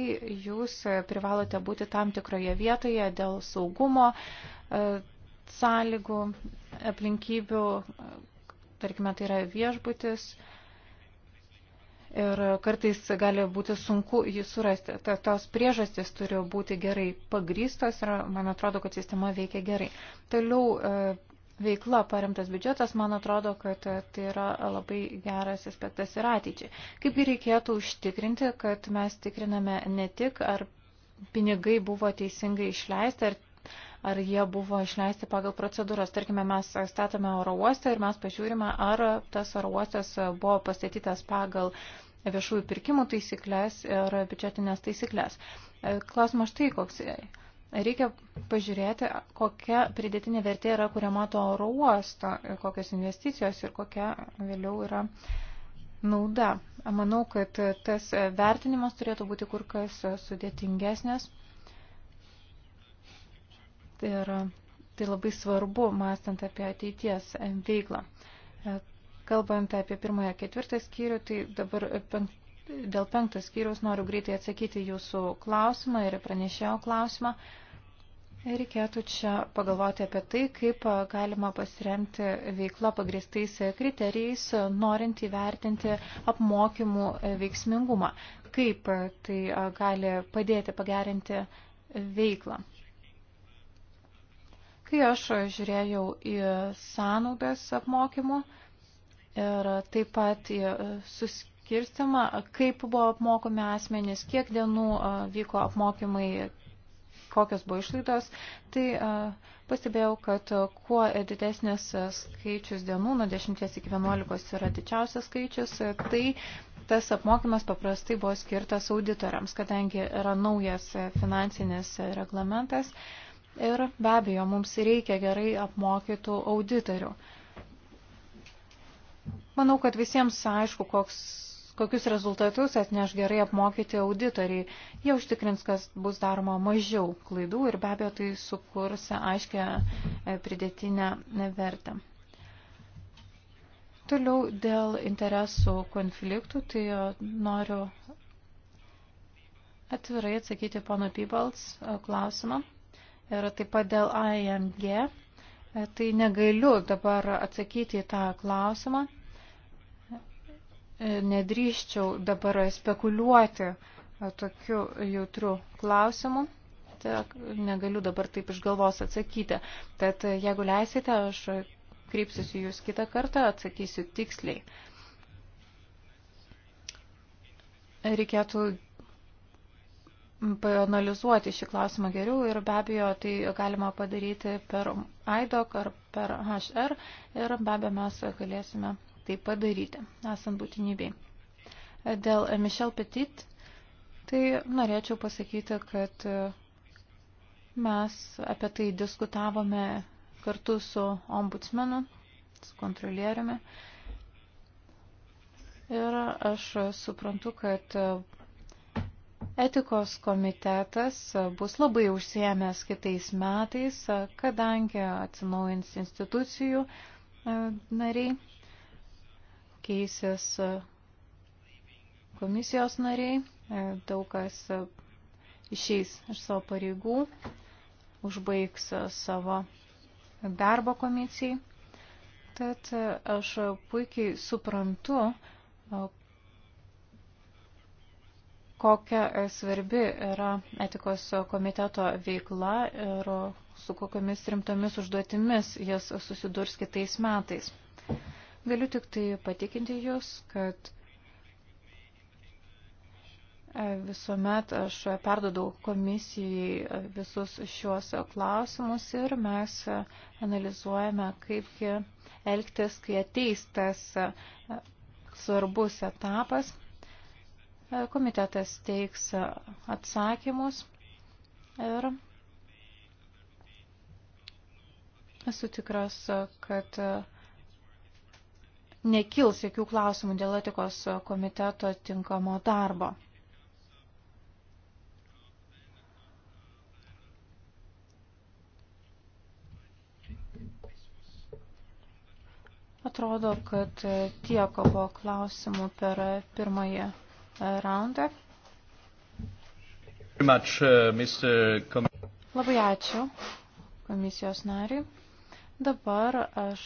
jūs privalote būti tam tikroje vietoje dėl saugumo e, sąlygų, aplinkybių, tarkime, tai yra viešbutis ir kartais gali būti sunku jį surasti. Ta, tos priežastys turi būti gerai pagrystos ir man atrodo, kad sistema veikia gerai. Toliau e, veikla paremtas biudžetas, man atrodo, kad tai yra labai geras aspektas ir ateičiai. Kaip reikėtų užtikrinti, kad mes tikriname ne tik, ar pinigai buvo teisingai išleisti, ar ar jie buvo išleisti pagal procedūras. Tarkime, mes statome oro uostą ir mes pažiūrime, ar tas oro uostas buvo pastatytas pagal viešųjų pirkimų taisyklės ir biudžetinės taisyklės. E, klausimas štai koks. Reikia pažiūrėti, kokia pridėtinė vertė yra kuriama to oro uosto, kokios investicijos ir kokia vėliau yra nauda. Manau, kad tas vertinimas turėtų būti kur kas sudėtingesnės Ir e, tai labai svarbu, mąstant apie ateities e, veiklą. E, kalbant apie pirmąją ketvirtą skyrių, tai dabar penk, dėl penktos skyriaus noriu greitai atsakyti jūsų klausimą ir pranešėjo klausimą. Reikėtų čia pagalvoti apie tai, kaip galima pasiremti veiklą pagristais kriterijais, norint įvertinti apmokymų veiksmingumą, kaip tai gali padėti pagerinti veiklą. Kai aš žiūrėjau į sąnaudas apmokymų ir taip pat į suskirstimą, kaip buvo apmokomi asmenys, kiek dienų vyko apmokymai, kokios buvo išlaidos, tai pastebėjau, kad kuo didesnis skaičius dienų, nuo 10 iki 11 yra didžiausias skaičius, tai tas apmokymas paprastai buvo skirtas auditoriams, kadangi yra naujas finansinis reglamentas. Ir be abejo, mums reikia gerai apmokytų auditorių. Manau, kad visiems aišku, koks, kokius rezultatus atneš gerai apmokyti auditoriai. Jie užtikrins, kas bus daroma mažiau klaidų ir be abejo tai sukurs aiškę e, pridėtinę vertę. Toliau dėl interesų konfliktų, tai e, noriu atvirai atsakyti pono Pybals e, klausimą ir taip pat dėl AMG. E, tai negaliu dabar atsakyti į tą klausimą. E, Nedrįščiau dabar spekuliuoti e, tokiu jautriu klausimu. Tiek negaliu dabar taip iš galvos atsakyti. Tad jeigu leisite, aš kreipsiuosi jūs kitą kartą, atsakysiu tiksliai. Reikėtų paanalizuoti šį klausimą geriau ir be abejo tai galima padaryti per IDOC ar per HR ir be abejo mes galėsime tai padaryti, esant būtinybei. Dėl Michel Petit, tai norėčiau pasakyti, kad mes apie tai diskutavome kartu su ombudsmenu, su kontrolieriumi. Ir aš suprantu, kad Etikos komitetas bus labai užsiemęs kitais metais, kadangi atsinaujins institucijų e, nariai, keisės e, komisijos nariai, e, daug kas išeis iš savo pareigų, užbaigs savo darbo komisijai. Tad aš puikiai suprantu, kokia e, svarbi yra etikos komiteto veikla ir su kokiamis rimtomis užduotimis jas susidurs kitais metais. Galiu tik tai patikinti Jūs, kad e, visuomet aš perdodau komisijai e, visus šiuos klausimus ir mes analizuojame, kaipgi elgtis, kai ateis tas svarbus etapas Komitetas teiks atsakymus ir esu tikras, kad nekils jokių klausimų dėl etikos komiteto tinkamo darbo. Atrodo, kad tiek buvo klausimų per pirmąją raundą. Uh, Labai ačiū komisijos nariui. Dabar aš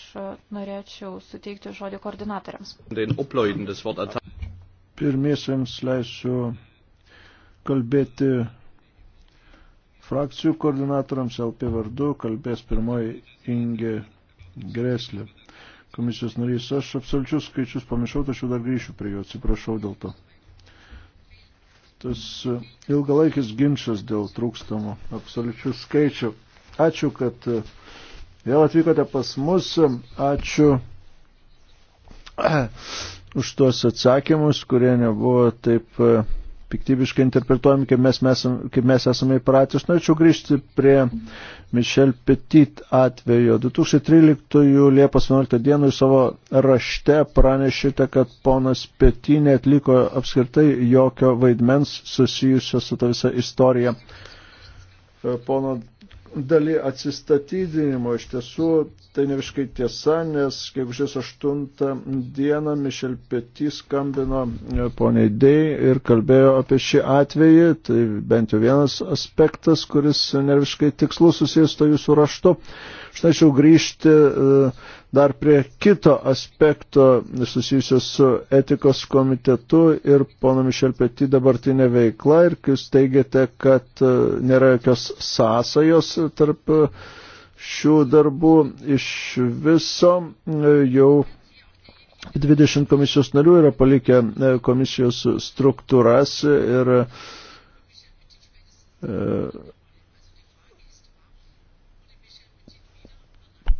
norėčiau suteikti žodį koordinatoriams. Pirmiesiams leisiu kalbėti frakcijų koordinatoriams LP vardu, kalbės pirmoji Inge Greslė. Komisijos narys, aš absoliučius skaičius pamišau, tačiau dar grįšiu prie jo, atsiprašau dėl to tas e, ilgalaikis ginčas dėl trūkstamų absoliučių skaičių. Ačiū, kad e, vėl atvykote pas mus. Ačiū e, už tuos atsakymus, kurie nebuvo taip piktybiškai interpretuojami, kaip mes, mes, kaip mes esame įpratę. Aš norėčiau grįžti prie Michel Petit atvejo. 2013 Liepos 11 dienų į savo rašte pranešite, kad ponas Petit neatliko apskritai jokio vaidmens susijusio su ta visa istorija. Pono daly atsistatydinimo. Iš tiesų, tai ne viskai tiesa, nes gegužės 8 dieną Mišel Peti skambino e, poniai Dei ir kalbėjo apie šį atvejį. Tai bent jau vienas aspektas, kuris ne viskai tikslus susijęs to jūsų raštu. Uh, Aš norėčiau grįžti e, dar prie kito aspekto susijusio su etikos komitetu ir pono Mišelpėti dabartinė veikla ir kai jūs teigiate, kad e, nėra jokios sąsajos tarp e, šių darbų iš viso jau 20 komisijos narių yra palikę komisijos struktūras ir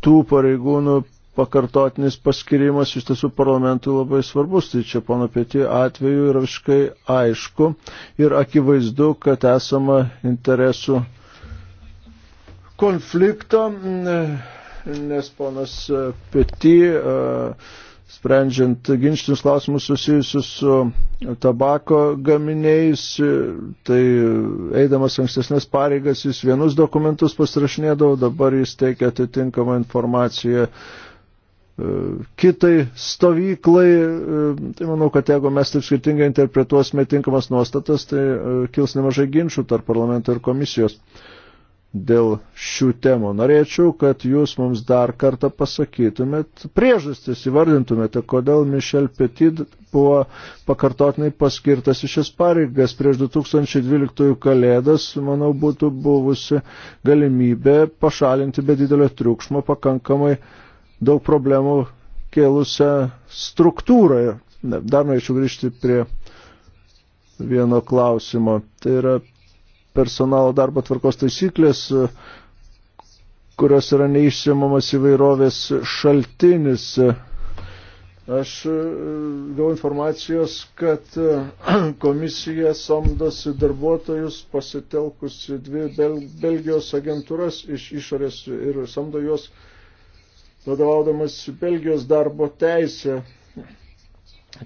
tų pareigūnų pakartotinis paskirimas iš tiesų parlamentui labai svarbus. Tai čia pono Pietį atveju yra visiškai aišku ir akivaizdu, kad esama interesų konflikto, nes ponas Pietį uh, sprendžiant ginčinius klausimus susijusius su tabako gaminiais, tai eidamas ankstesnės pareigas jis vienus dokumentus pasirašinėdavo, dabar jis teikia atitinkamą informaciją e, kitai stovyklai. E, tai manau, kad jeigu mes taip skirtingai interpretuosime tinkamas nuostatas, tai e, kils nemažai ginčių tarp parlamento ir komisijos dėl šių temų. Norėčiau, kad jūs mums dar kartą pasakytumėt priežastis, įvardintumėte, kodėl Mišel Petit buvo pakartotinai paskirtas iš šias pareigas prieš 2012 kalėdas, manau, būtų buvusi galimybė pašalinti be didelio triukšmo pakankamai daug problemų kėlusią struktūrą. Dar norėčiau grįžti prie vieno klausimo. Tai yra personalo darbo tvarkos taisyklės, kurios yra neišsiamamas įvairovės šaltinis. Aš e, gavau informacijos, kad e, komisija samdosi darbuotojus pasitelkusi dvi Bel Belgijos agentūras iš išorės ir samdo juos vadovaudamas Belgijos darbo teisę.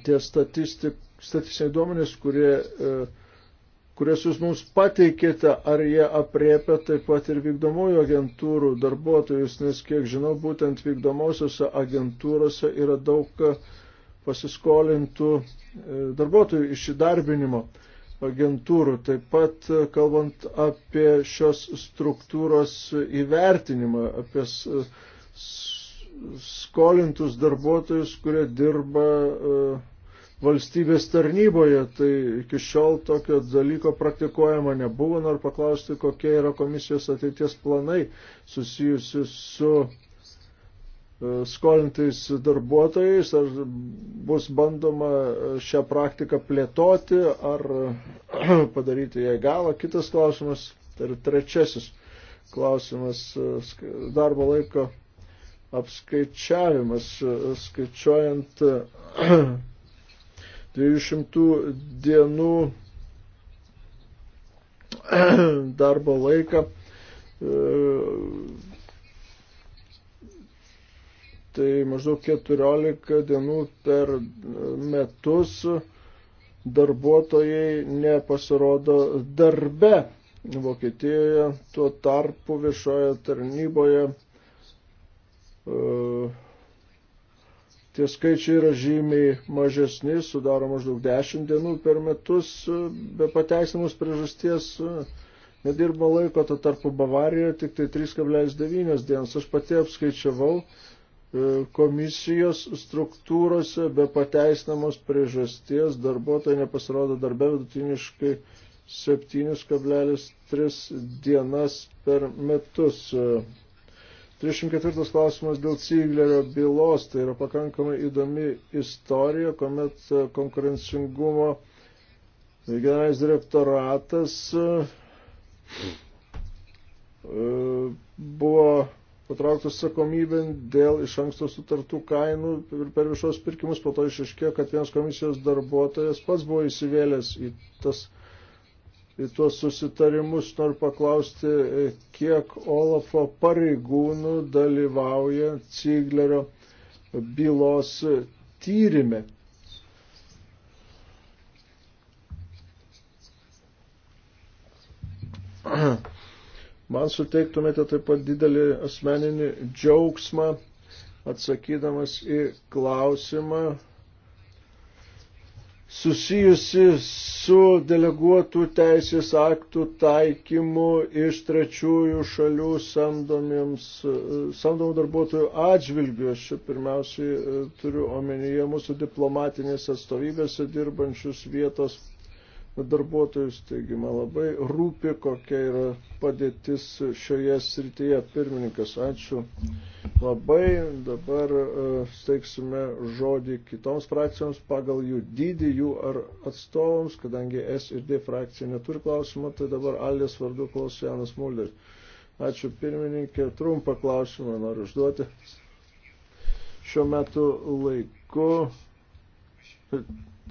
Tie statistik, statistiniai duomenys, kurie e, kurias jūs mums pateikėte, ar jie apriepia taip pat ir vykdomųjų agentūrų darbuotojus, nes kiek žinau, būtent vykdomosiose agentūrose yra daug e, pasiskolintų e, darbuotojų iš įdarbinimo agentūrų. Taip pat e, kalbant apie šios struktūros įvertinimą, apie skolintus darbuotojus, kurie dirba valstybės tarnyboje, tai iki šiol tokio dalyko praktikuojama nebuvo. Noriu paklausti, kokie yra komisijos ateities planai susijusi su e, skolintais darbuotojais, ar bus bandoma e, šią praktiką plėtoti, ar e, padaryti ją galą. Kitas klausimas, tai yra trečiasis klausimas, darbo laiko apskaičiavimas, skaičiuojant 200 dienų darbo laiką. E, tai maždaug 14 dienų per metus darbuotojai nepasirodo darbe. Vokietijoje tuo tarpu viešoje tarnyboje uh, Tie skaičiai yra žymiai mažesni, sudaro maždaug 10 dienų per metus be pateisimus priežasties e, nedirbo laiko, to tarpu Bavarijoje tik tai 3,9 dienas. Aš pati apskaičiavau e, komisijos struktūrose be pateisinamos priežasties darbuotojai nepasirodo darbe vidutiniškai 7,3 dienas per metus. E, 34 klausimas dėl Ciglerio bylos, tai yra pakankamai įdomi istorija, kuomet e, konkurencingumo generalinis direktoratas e, buvo patrauktas atsakomybė dėl iš anksto sutartų kainų ir per viešos pirkimus, po to išaiškėjo, kad vienas komisijos darbuotojas pats buvo įsivėlęs į tas į tuos susitarimus. Noriu paklausti, kiek Olafo pareigūnų dalyvauja Ciglerio bylos tyrimė. Man suteiktumėte taip pat didelį asmeninį džiaugsmą atsakydamas į klausimą, susijusi su deleguotų teisės aktų taikymu iš trečiųjų šalių samdomų darbuotojų atžvilgių. Aš čia pirmiausiai e, turiu omenyje mūsų diplomatinės atstovybėse dirbančius vietos darbuotojus, taigi man labai rūpi, kokia yra padėtis šioje srityje. Pirmininkas, ačiū labai. Dabar e, steiksime žodį kitoms frakcijoms pagal jų dydį, jų ar atstovams, kadangi S ir D frakcija neturi klausimą, tai dabar Alės vardu klaus Janas Mulderis. Ačiū pirmininkė, trumpą klausimą noriu užduoti. Šiuo metu laiku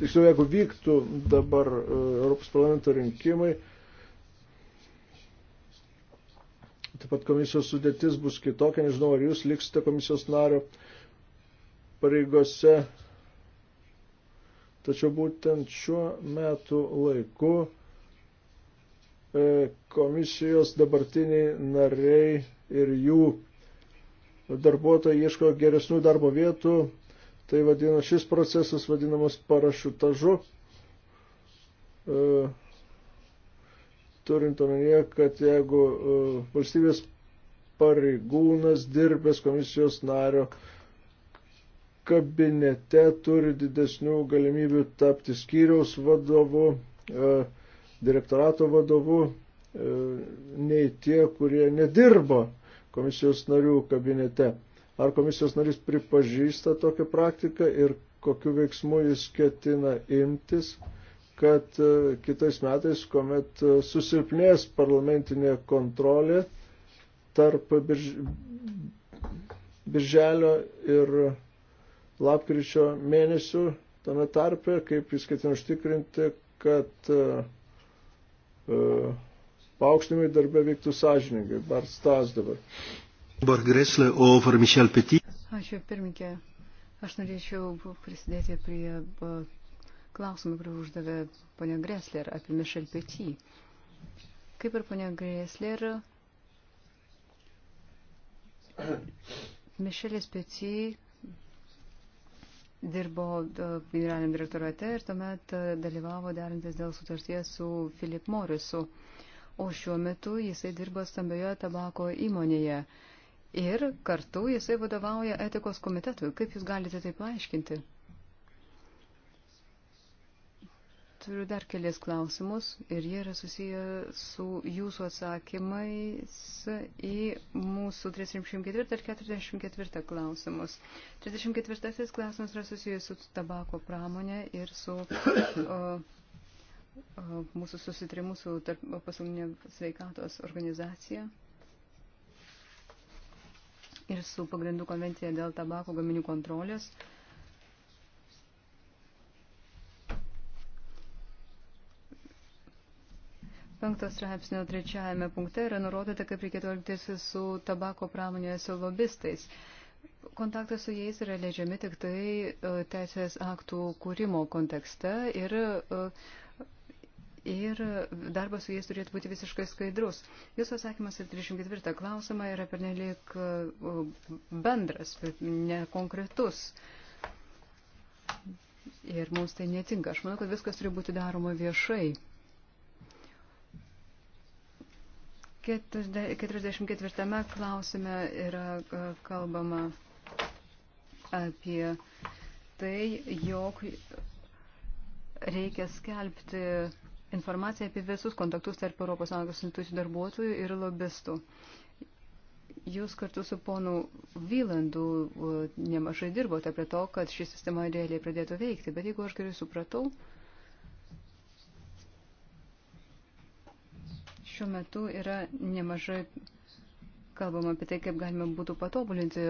tiksliau, jeigu vyktų dabar e, Europos parlamento rinkimai, taip pat komisijos sudėtis bus kitokia, nežinau, ar jūs liksite komisijos nario pareigose, tačiau būtent šiuo metu laiku e, komisijos dabartiniai nariai ir jų darbuotojai ieško geresnių darbo vietų, Tai vadina, šis procesas vadinamas parašutažu, e, turint omenyje, kad jeigu e, valstybės pareigūnas dirbęs komisijos nario kabinete turi didesnių galimybių tapti skyriaus vadovu, e, direktorato vadovu, e, nei tie, kurie nedirbo komisijos narių kabinete. Ar komisijos narys pripažįsta tokią praktiką ir kokiu veiksmu jis ketina imtis, kad e, kitais metais, kuomet e, susilpnės parlamentinė kontrolė tarp birž... birželio ir lapkričio mėnesių tame tarpe, kaip jis ketina užtikrinti, kad uh, paaukštinimai darbe vyktų sąžiningai. Bar stas dabar. Uh, Ačiū, pirmininkė. Aš norėčiau prisidėti prie klausimų, kurį uždavė ponia Gresler apie Mišel Petit. Kaip ir ponia Gresler, Mišelis Petit dirbo generaliniam direktorate ir tuomet dalyvavo derintis dėl sutarties su Filip Morisu. O šiuo metu jisai dirba stambioje tabako įmonėje. Ir kartu jisai vadovauja etikos komitetui. Kaip jūs galite tai paaiškinti? Turiu dar kelias klausimus ir jie yra susiję su jūsų atsakymais į mūsų 34 ir 44 klausimus. 34 klausimas yra susijęs su tabako pramonė ir su o, o, mūsų susitrimu su pasaulinė sveikatos organizacija ir su pagrindų konvencija dėl tabako gaminių kontrolės. Penktos straipsnio trečiajame punkte yra nurodyta, kaip reikėtų elgtis su tabako pramonės lobistais. Kontaktas su jais yra leidžiami tik tai e, teisės aktų kūrimo kontekste ir uh, ir darbas su jais turėtų būti visiškai skaidrus. Jūsų atsakymas į 34 klausimą yra pernelik uh, bendras, nekonkretus. Ir mums tai netinka. Aš manau, kad viskas turi būti daroma viešai. 44 klausime yra uh, kalbama apie tai, jog reikia skelbti informaciją apie visus kontaktus tarp ES institucijų darbuotojų ir lobistų. Jūs kartu su ponu Vylandu nemažai dirbote prie to, kad ši sistema realiai pradėtų veikti, bet jeigu aš gerai supratau, šiuo metu yra nemažai kalbama apie tai, kaip galima būtų patobulinti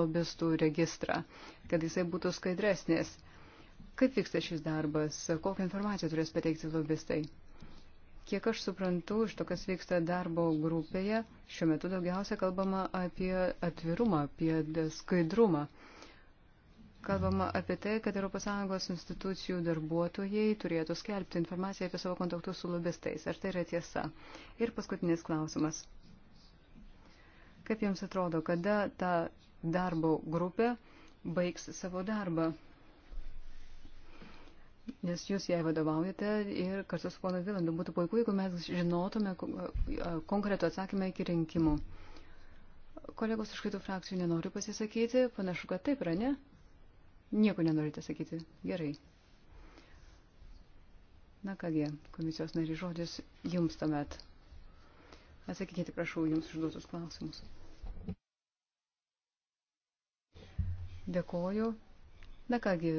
lobistų registrą, kad jisai būtų skaidresnės. Kaip vyksta šis darbas? Kokią informaciją turės pateikti lobistai? Kiek aš suprantu, iš to, kas vyksta darbo grupėje, šiuo metu daugiausia kalbama apie atvirumą, apie skaidrumą. Kalbama apie tai, kad ES institucijų darbuotojai turėtų skelbti informaciją apie savo kontaktus su lobistais. Ar tai yra tiesa? Ir paskutinis klausimas. Kaip jums atrodo, kada ta darbo grupė baigs savo darbą? nes jūs jai vadovaujate ir kartu su ponu Vilandu būtų puiku, jeigu mes žinotume konkretų atsakymą iki rinkimų. Kolegos iš kitų frakcijų nenori pasisakyti, panašu, kad taip yra, ne? Nieko nenorite sakyti. Gerai. Na kągi, komisijos narys žodis jums tuomet. Atsakykite, prašau, jums užduotus klausimus. Dėkoju. Na kągi,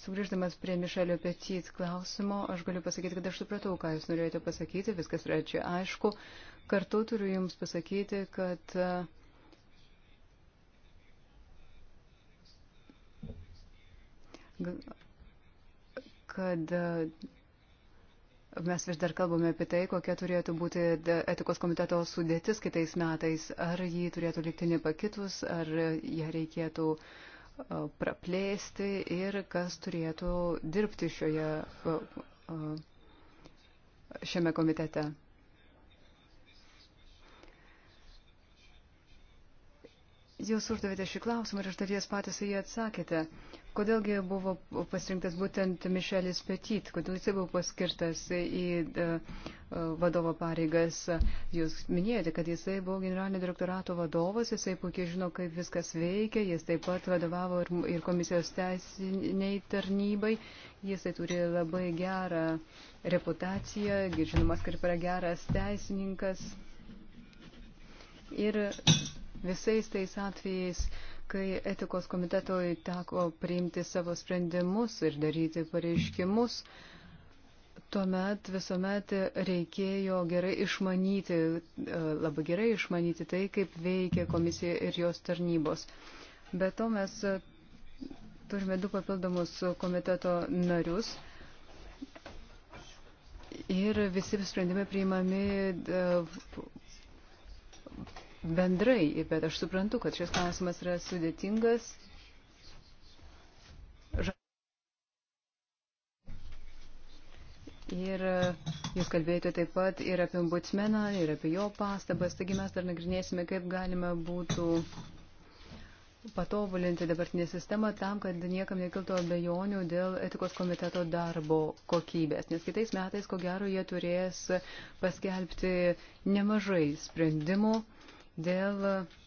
Sugrįždamas prie Mišelio Petit klausimo, aš galiu pasakyti, kad aš supratau, ką jūs norėjote pasakyti, viskas yra čia aišku. Kartu turiu jums pasakyti, kad uh, kad uh, mes vis dar kalbame apie tai, kokia turėtų būti uh, etikos komiteto sudėtis kitais metais, ar jį turėtų likti nepakitus, ar ją reikėtų uh, praplėsti ir kas turėtų dirbti šioje, šiame komitete. Jūs uždavėte šį klausimą ir iš dalies patys į jį atsakėte. Kodėlgi buvo pasirinktas būtent Mišelis Petit, kodėl jis buvo paskirtas į e, e, vadovo pareigas. Jūs minėjote, kad jisai buvo generalinio direktorato vadovas, jisai puikiai žino, kaip viskas veikia, jis taip pat vadovavo ir, ir komisijos teisiniai tarnybai, jisai turi labai gerą reputaciją, žinomas, kad yra geras teisininkas. Ir Visais tais atvejais, kai etikos komitetoj teko priimti savo sprendimus ir daryti pareiškimus, tuomet visuomet reikėjo gerai išmanyti, e, labai gerai išmanyti tai, kaip veikia komisija ir jos tarnybos. Be to mes turime du papildomus komiteto narius. Ir visi sprendimai priimami e, bendrai, bet aš suprantu, kad šis klausimas yra sudėtingas. Ir jūs kalbėjote taip pat ir apie ombudsmeną, ir apie jo pastabas, taigi mes dar nagrinėsime, kaip galima būtų patobulinti dabartinę sistemą tam, kad niekam nekiltų abejonių dėl etikos komiteto darbo kokybės, nes kitais metais, ko gero, jie turės paskelbti nemažai sprendimų dėl uh,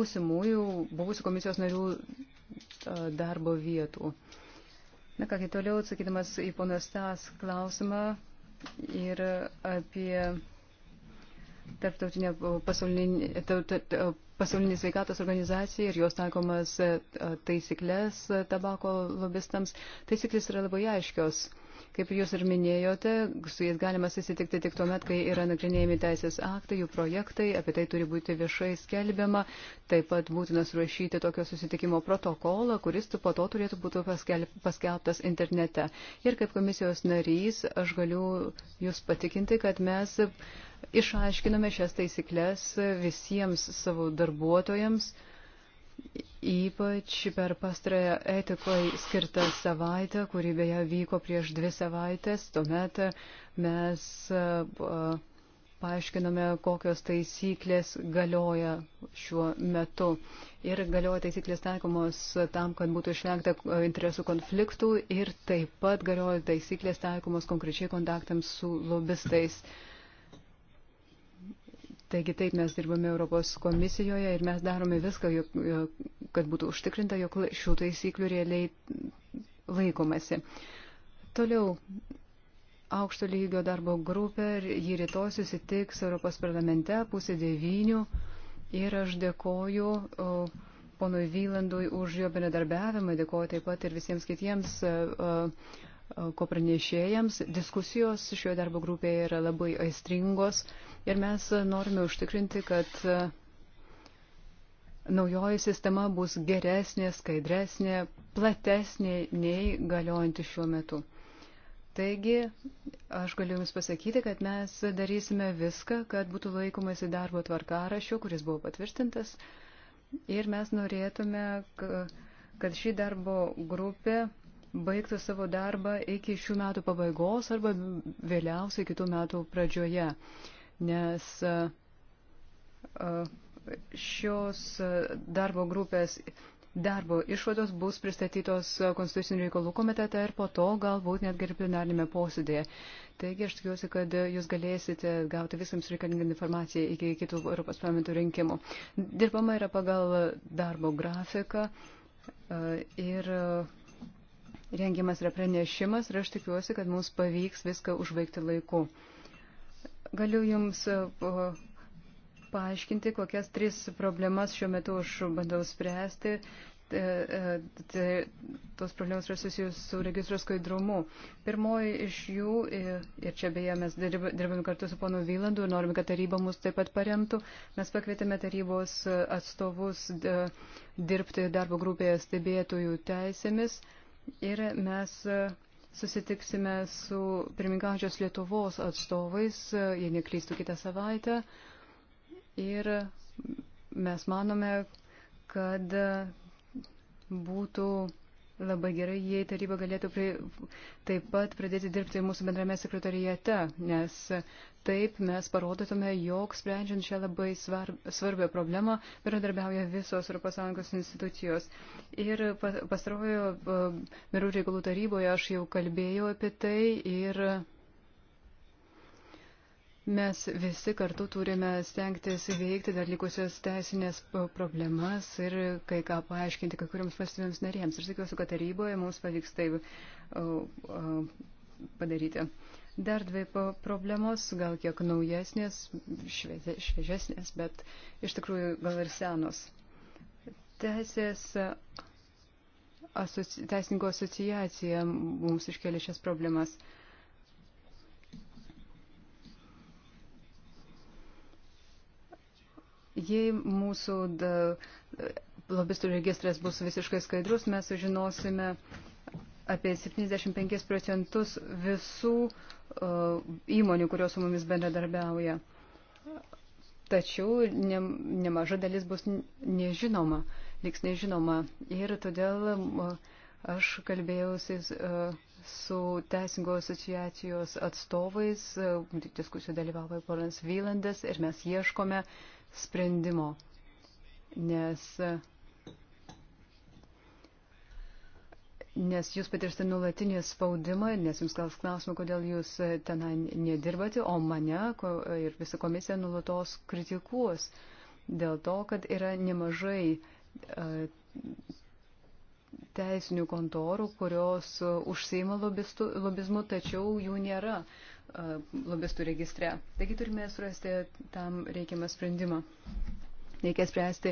busimųjų buvusių komisijos narių uh, darbo vietų. Na ką, kai toliau atsakydamas į ponas Tas klausimą ir apie tarptautinę uh, pasaulinį, pasaulinį sveikatos organizaciją ir jos taikomas taisyklės tabako lobistams, taisyklės yra labai aiškios. Kaip jūs ir minėjote, su jais galima susitikti tik tuomet, kai yra nagrinėjami teisės aktai, jų projektai, apie tai turi būti viešai skelbiama. Taip pat būtina surašyti tokio susitikimo protokolą, kuris po to turėtų būti paskelbtas internete. Ir kaip komisijos narys, aš galiu jūs patikinti, kad mes išaiškiname šias taisyklės visiems savo darbuotojams Ypač per pastarąją etikai skirtą savaitę, kuri beje vyko prieš dvi savaitės, tuomet mes paaiškinome, kokios taisyklės galioja šiuo metu. Ir galioja taisyklės taikomos tam, kad būtų išvengta interesų konfliktų ir taip pat galioja taisyklės taikomos konkrečiai kontaktams su lobistais. Uh, Taigi taip mes dirbame Europos komisijoje ir mes darome viską, jog, kad būtų užtikrinta, jog šių taisyklių realiai laikomasi. Toliau aukšto lygio darbo grupė ir jį rytoj susitiks Europos parlamente pusė devynių ir aš dėkoju ponui Vylandui už jo benedarbiavimą, dėkoju taip pat ir visiems kitiems. Uh, ko pranešėjams. Diskusijos šioje darbo grupėje yra labai aistringos ir mes norime užtikrinti, kad naujoji sistema bus geresnė, skaidresnė, platesnė nei galiojanti šiuo metu. Taigi, aš galiu Jums pasakyti, kad mes darysime viską, kad būtų laikomasi darbo tvarkarašio, kuris buvo patvirtintas. Ir mes norėtume, kad ši darbo grupė baigtų savo darbą iki šių metų pabaigos arba vėliausiai kitų metų pradžioje, nes šios darbo grupės darbo išvados bus pristatytos Konstitucinių reikalų komitete ir po to galbūt netgi ir plenarinėme posėdėje. Taigi aš tikiuosi, kad jūs galėsite gauti visams reikalingą informaciją iki kitų Europos parlamento rinkimų. Dirbama yra pagal darbo grafiką ir rengiamas yra pranešimas ir aš tikiuosi, kad mums pavyks viską užbaigti laiku. Galiu Jums e, paaiškinti, kokias tris problemas šiuo metu aš bandau spręsti. E, tos problemos yra susijusios su registro skaidrumu. Pirmoji iš jų, ir čia beje mes dirbame kartu su ponu Vylandu, norime, kad taryba mus taip pat paremtų. Mes pakvietėme tarybos atstovus dirbti darbo grupėje stebėtojų teisėmis ir mes susitiksime su pirmininkaujančios Lietuvos atstovais, jei neklystų kitą savaitę. Ir mes manome, kad būtų Labai gerai, jei taryba galėtų prie, taip pat pradėti dirbti mūsų bendrame sekretorijate, nes taip mes parodytume, jog sprendžiant šią labai svarbią problemą bendradarbiauja visos ES institucijos. Ir pastarojo uh, Mirų reikalų taryboje aš jau kalbėjau apie tai ir. Mes visi kartu turime stengtis įveikti dar likusios teisinės problemas ir kai ką paaiškinti kai kuriams valstybėms narėms. Ir tikiuosi, kad taryboje mums pavyks tai uh, uh, padaryti. Dar dvi problemos, gal kiek naujesnės, šviežesnės, bet iš tikrųjų gal ir senos. Teisės uh, asoci, Teisininko asociacija mums iškelia šias problemas. Uh, Jei mūsų da, lobistų registras bus visiškai skaidrus, mes sužinosime apie 75 procentus visų uh, įmonių, kurios su mumis bendradarbiauja. Tačiau ne, nemaža dalis bus nežinoma, liks nežinoma. Ir todėl uh, aš kalbėjausi uh, su Teisingo asociacijos atstovais, diskusijų dalyvavo ponas Vylandas ir mes ieškome uh, sprendimo, nes, nes jūs patirsite nulatinį spaudimą, nes jums kals klausimą, kodėl jūs tenai nedirbate, o mane ir visa komisija nulatos kritikuos dėl to, kad yra nemažai teisinių kontorų, kurios užseima lobizmu, tačiau jų nėra. Uh, lobistų registre. Taigi turime surasti tam reikiamą sprendimą. Reikia spręsti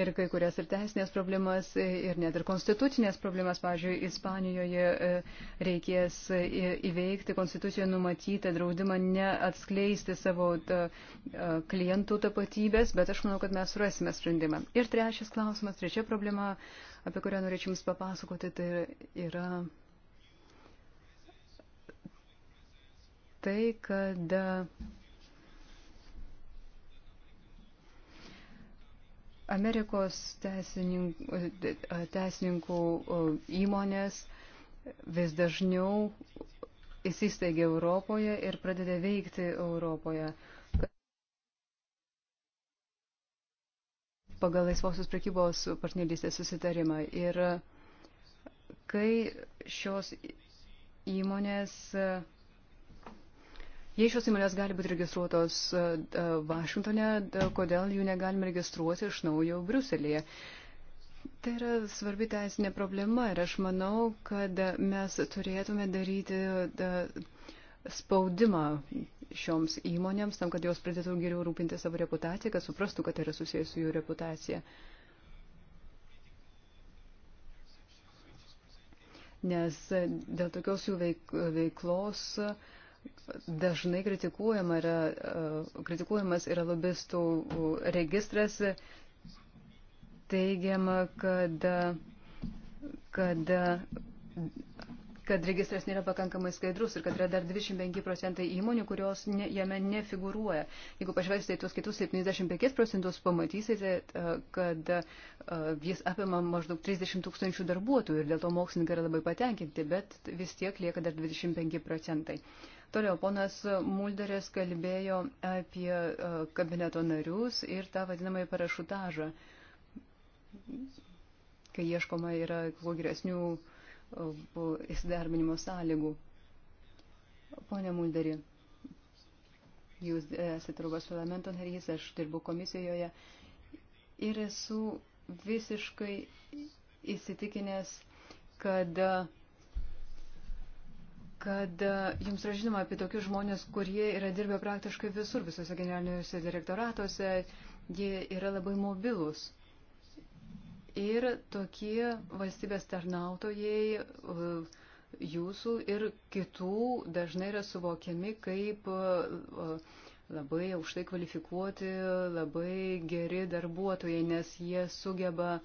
ir kai kurias ir teisinės problemas, ir net ir konstitucinės problemas. Pavyzdžiui, Ispanijoje reikės įveikti konstitucijoje numatytą draudimą neatskleisti savo klientų tapatybės, bet aš manau, kad mes surasime sprendimą. Ir trečias klausimas, trečia problema, apie kurią norėčiau Jums papasakoti, tai yra tai, kad Amerikos teisininkų, teisininkų įmonės vis dažniau įsisteigia Europoje ir pradeda veikti Europoje. pagal laisvosios prekybos partnerystės susitarimą. Ir kai šios įmonės uh, Jei šios įmonės gali būti registruotos e, e, Vašingtone, kodėl jų negalime registruoti iš naujo Bruselėje? Tai yra svarbi teisinė problema ir aš manau, kad mes turėtume daryti spaudimą šioms įmonėms, tam, kad jos pradėtų geriau rūpinti savo reputaciją, kad suprastų, kad tai yra susijęs su jų reputacija. Nes e, dėl tokios jų veiklos uh, dažnai kritikuojama yra, e, kritikuojamas yra lobistų registras. Teigiama, kad, kad, kad registras nėra pakankamai skaidrus ir kad yra dar 25 procentai įmonių, kurios ne, jame nefigūruoja. Jeigu pažvelgsite į tuos kitus 75 procentus, pamatysite, e, kad e, jis apima maždaug 30 tūkstančių darbuotojų ir dėl to mokslininkai yra labai patenkinti, bet vis tiek lieka dar 25 procentai. Uh, Toliau ponas Mulderis kalbėjo apie e, kabineto narius ir tą vadinamąjį parašutažą, kai ieškoma yra kuo geresnių e, įsidarbinimo sąlygų. Pone Mulderi, jūs esate Europos parlamento narys, aš dirbu komisijoje ir esu visiškai įsitikinęs, kad uh, kad e, jums yra žinoma apie tokius žmonės, kurie yra dirbę praktiškai visur, visose generaliniuose direktoratuose, jie yra labai mobilus. Ir tokie valstybės tarnautojai e, jūsų ir kitų dažnai yra suvokiami kaip e, labai aukštai kvalifikuoti, labai geri darbuotojai, nes jie sugeba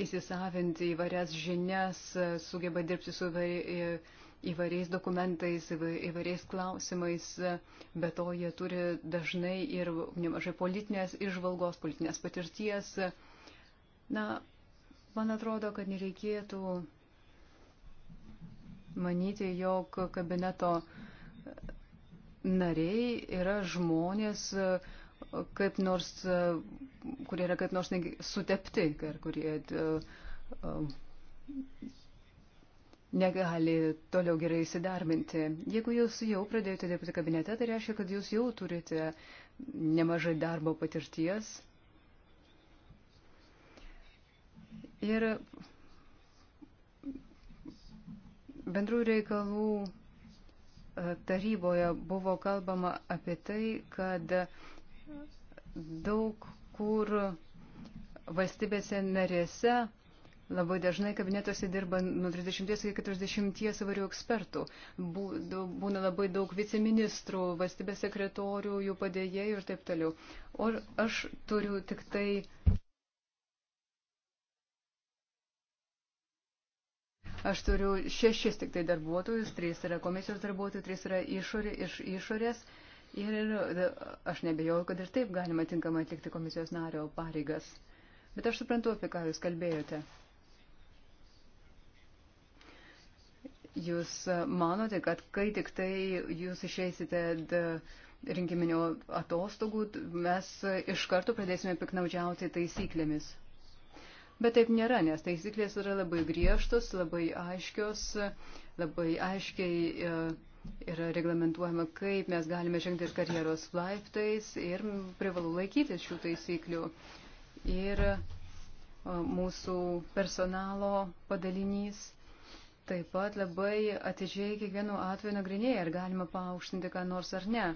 įsisavinti įvairias žinias, sugeba dirbti su įvairiais dokumentais, įvairiais klausimais, bet to jie turi dažnai ir nemažai politinės išvalgos, politinės patirties. Na, man atrodo, kad nereikėtų manyti, jog kabineto nariai yra žmonės, uh, kaip nors, e, kurie yra kaip nors sutepti, ar kurie e, e, negali toliau gerai įsidarbinti. Jeigu jūs jau pradėjote dirbti kabinete, tai reiškia, kad jūs jau turite nemažai darbo patirties. Ir bendrų reikalų taryboje buvo kalbama apie tai, kad daug kur valstybėse narėse Labai dažnai kabinetuose dirba nuo 30 iki 40 įvairių ekspertų. Būna labai daug viceministrų, valstybės sekretorių, jų padėjėjų ir taip toliau. O aš turiu tik tai. Aš turiu šešis tik tai darbuotojus, trys yra komisijos darbuotojai, trys yra išorė, iš išorės. Iš Ir aš nebejoju, kad ir taip galima tinkamai atlikti komisijos nario pareigas. Bet aš suprantu, apie ką Jūs kalbėjote. Jūs manote, kad kai tik tai Jūs išeisite rinkiminio atostogų, mes iš karto pradėsime piknaudžiauti taisyklėmis. Bet taip nėra, nes taisyklės yra labai griežtos, labai aiškios, labai aiškiai. Uh, yra reglamentuojama, kaip mes galime žengti ir karjeros laiptais ir privalu laikytis šių taisyklių. Ir mūsų personalo padalinys taip pat labai atidžiai kiekvienu atveju nagrinėja, ar galima paaukštinti ką nors ar ne.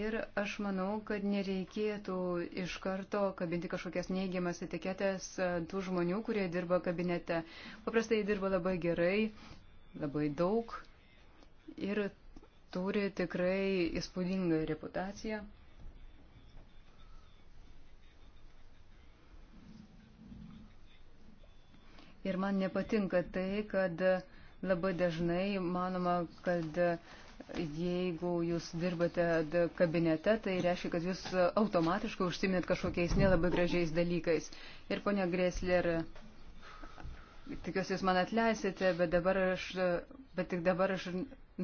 Ir aš manau, kad nereikėtų iš karto kabinti kažkokias neigiamas etiketės e, tų žmonių, kurie dirba kabinete. Paprastai dirba labai gerai, labai daug ir turi tikrai įspūdingą reputaciją. Ir man nepatinka tai, kad labai dažnai manoma, kad jeigu jūs dirbate kabinete, tai reiškia, kad jūs automatiškai užsiminėt kažkokiais nelabai gražiais dalykais. Ir ponia Gresler, tikiuosi jūs man atleisite, bet, dabar aš, bet tik dabar aš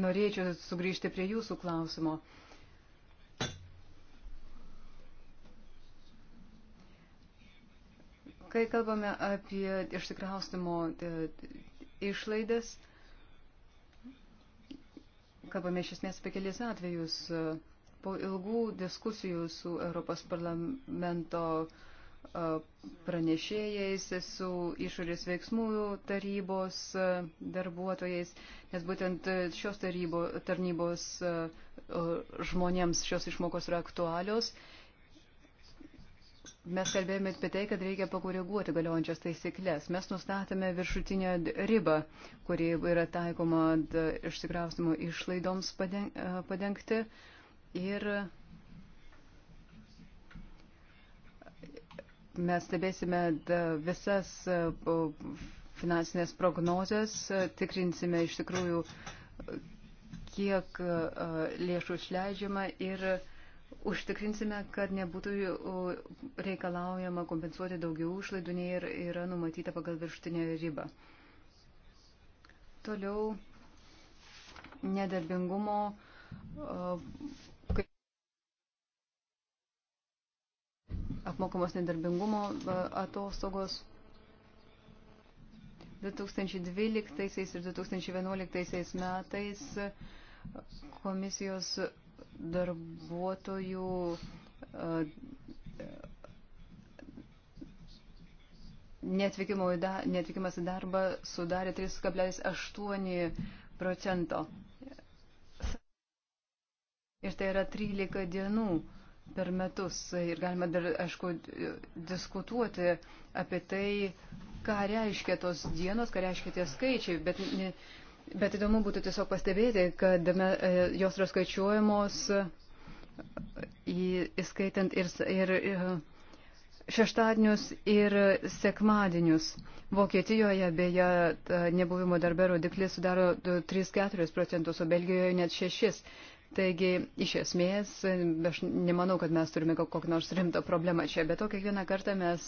norėčiau sugrįžti prie jūsų klausimo. Kai kalbame apie išsikraustimo e, išlaidas, kalbame iš esmės apie kelias atvejus. Po ilgų diskusijų su Europos parlamento uh, pranešėjais, su išorės veiksmų tarybos darbuotojais, nes būtent šios tarybo, tarnybos žmonėms šios išmokos yra aktualios. Mes kalbėjome apie tai, kad reikia pakoreguoti galiojančias taisyklės. Mes nustatėme viršutinę ribą, kuri yra taikoma išsikraustimo išlaidoms padengti. Ir mes stebėsime visas e, finansinės prognozes, e, tikrinsime iš tikrųjų, kiek e, lėšų išleidžiama ir užtikrinsime, kad nebūtų reikalaujama kompensuoti daugiau išlaidų, nei yra numatyta pagal viršutinę ribą. Toliau nedarbingumo apmokamos nedarbingumo e, atostogos. 2012 ir 2011 metais komisijos darbuotojų e, netvykimas į darbą sudarė 3,8 procento. Ir tai yra 13 dienų per metus. Ir galima dar, aišku, diskutuoti apie tai, ką reiškia tos dienos, ką reiškia tie skaičiai. Bet, bet įdomu būtų tiesiog pastebėti, kad e, jos yra skaičiuojamos e, į, įskaitant ir, ir, ir e, šeštadienius ir sekmadienius. Vokietijoje beje nebuvimo darbe rodiklis sudaro 3-4 procentus, o Belgijoje net 6. Taigi, iš esmės, aš nemanau, kad mes turime kokią nors rimtą problemą čia, bet to kiekvieną kartą mes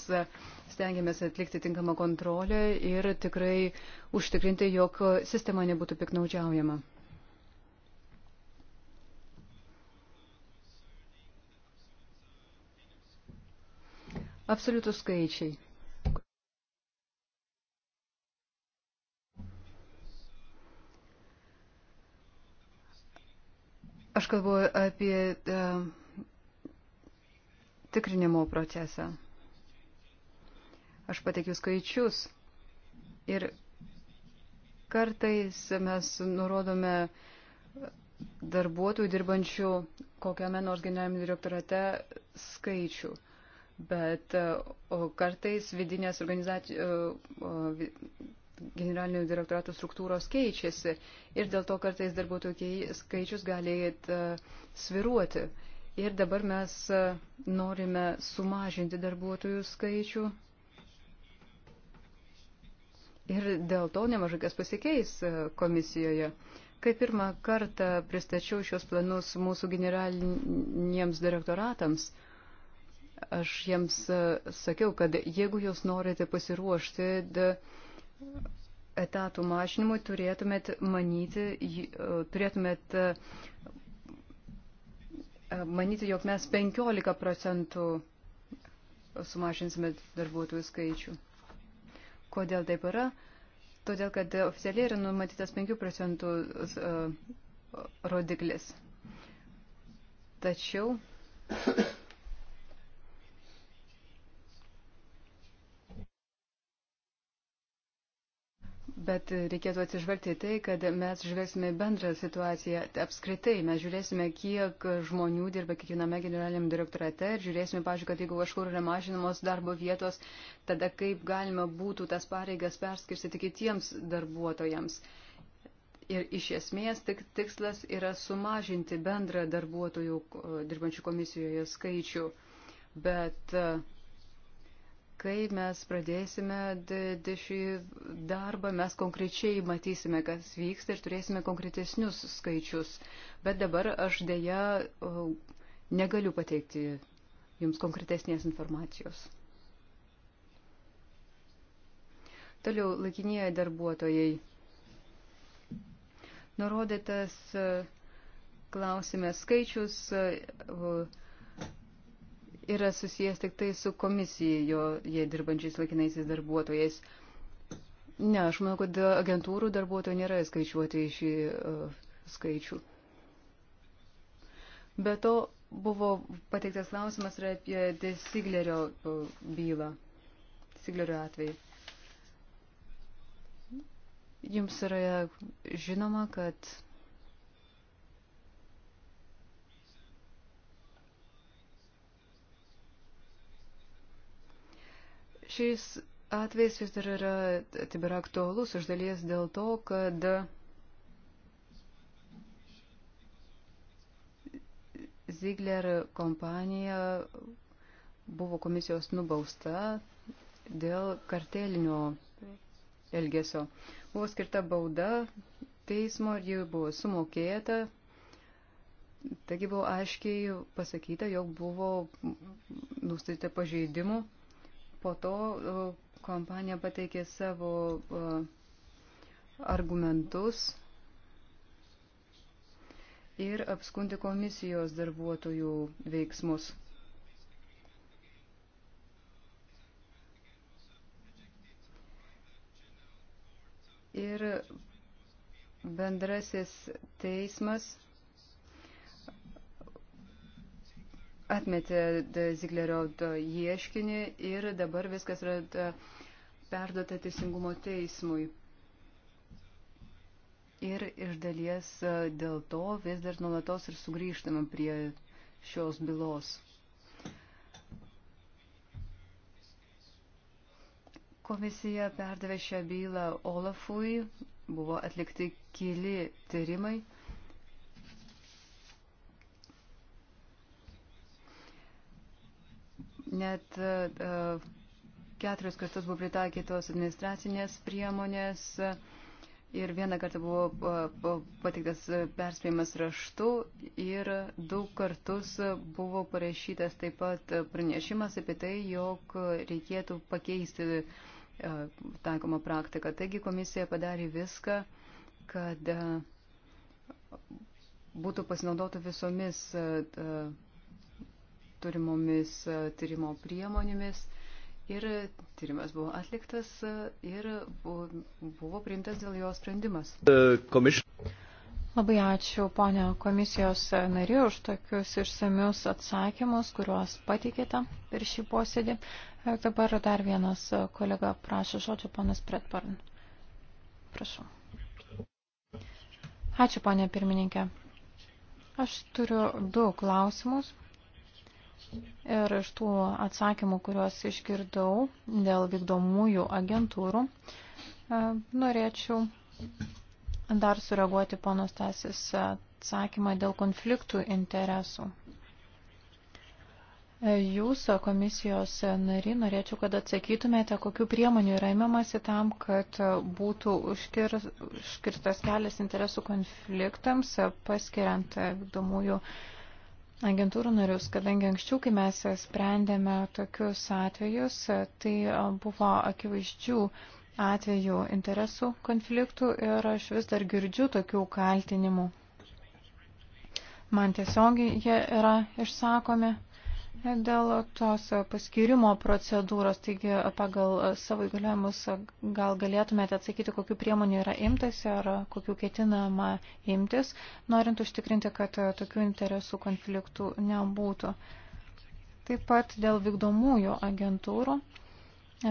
stengiamės atlikti tinkamą kontrolę ir tikrai užtikrinti, jog sistema nebūtų piknaudžiaujama. Absoliutus skaičiai. Aš kalbu apie e, tikrinimo procesą. Aš pateikiu skaičius ir kartais mes nurodome darbuotojų dirbančių kokiame nors generalinėme direktorate skaičių. Bet e, o kartais vidinės organizacijos e, generalinių direktoratų struktūros keičiasi ir dėl to kartais darbuotojų skaičius gali e, sviruoti. Ir dabar mes e, norime sumažinti darbuotojų skaičių. Ir dėl to nemažai kas pasikeis e, komisijoje. Kai pirmą kartą pristačiau šios planus mūsų generalinėms direktoratams, aš jiems sakiau, kad jeigu jūs norite pasiruošti etatų mažinimui turėtumėt manyti, e, turėtumėt e, manyti, jog mes 15 procentų sumažinsime darbuotojų skaičių. Kodėl taip yra? Todėl, kad oficialiai yra numatytas 5 procentų e, rodiklis. Tačiau bet reikėtų atsižvelgti tai, kad mes žvelgsime bendrą situaciją apskritai. Mes žiūrėsime, kiek žmonių dirba kiekviename generaliniam direktorate ir žiūrėsime, pažiūrėjau, kad jeigu kažkur yra mažinamos darbo vietos, tada kaip galima būtų tas pareigas perskirstyti kitiems darbuotojams. Ir iš esmės tik tikslas yra sumažinti bendrą darbuotojų dirbančių komisijoje skaičių. Bet uh, kai mes pradėsime šį darbą, mes konkrečiai matysime, kas vyksta ir turėsime konkretesnius skaičius. Bet dabar aš dėja negaliu pateikti jums konkretesnės informacijos. Toliau laikinieji darbuotojai. Nurodytas e, klausime skaičius. Uh, yra susijęs tik tai su komisijoje dirbančiais laikinaisiais darbuotojais. Ne, aš manau, kad agentūrų darbuotojų nėra skaičiuoti į šį uh, skaičių. Be to buvo pateiktas klausimas ir apie Siglerio uh, bylą, Siglerio atvejį. Jums yra žinoma, kad Šiais atvejais vis dar yra, tebėra aktualus iš dalies dėl to, kad Ziegler kompanija buvo komisijos nubausta dėl kartelinio elgesio. Buvo skirta bauda teismo ir ji buvo sumokėta. Taigi buvo aiškiai pasakyta, jog buvo nustatyta pažeidimų Po to kompanija pateikė savo argumentus ir apskundi komisijos darbuotojų veiksmus. Ir bendrasis teismas atmetė Ziglerio ieškinį ir dabar viskas yra perduota teisingumo teismui. Ir iš dalies e, dėl to vis dar nuolatos ir sugrįžtama prie šios bylos. Komisija perdavė šią bylą Olafui, buvo atlikti keli tyrimai. Net e, keturis kartus buvo pritaikytos administracinės priemonės ir vieną kartą buvo e, patiktas perspėjimas raštu ir du kartus buvo parašytas taip pat pranešimas apie tai, jog reikėtų pakeisti e, taikomą praktiką. Taigi komisija padarė viską, kad būtų pasinaudota visomis turimomis e, tyrimo priemonėmis. Ir tyrimas buvo atliktas e, ir buvo, buvo priimtas dėl jo sprendimas. E, Komišn... Labai ačiū, ponio komisijos nariu, už tokius išsamius atsakymus, kuriuos patikėte per šį posėdį. Dabar dar vienas kolega prašo žodžio, ponas Pretparn. Prašau. Ačiū, ponė pirmininkė. Aš turiu du klausimus. Ir iš tų atsakymų, kuriuos išgirdau dėl vykdomųjų agentūrų, e, norėčiau dar sureaguoti ponos Tasis atsakymą dėl konfliktų interesų. E, jūs, komisijos nari, norėčiau, kad atsakytumėte, kokiu priemonių yra įmamasi tam, kad būtų užkirstas kelias interesų konfliktams, e, paskiriant vykdomųjų agentūrų agentūrų narius, kadangi anksčiau, kai mes sprendėme tokius atvejus, tai e, buvo akivaizdžių atvejų interesų konfliktų ir aš vis dar girdžiu tokių kaltinimų. Man tiesiogiai jie yra išsakomi. Dėl tos paskirimo procedūros, taigi pagal savo įgaliojimus gal galėtumėte atsakyti, kokiu priemonių yra imtasi ar kokiu ketinama imtis, norint užtikrinti, kad tokių interesų konfliktų nebūtų. Taip pat dėl vykdomųjų agentūrų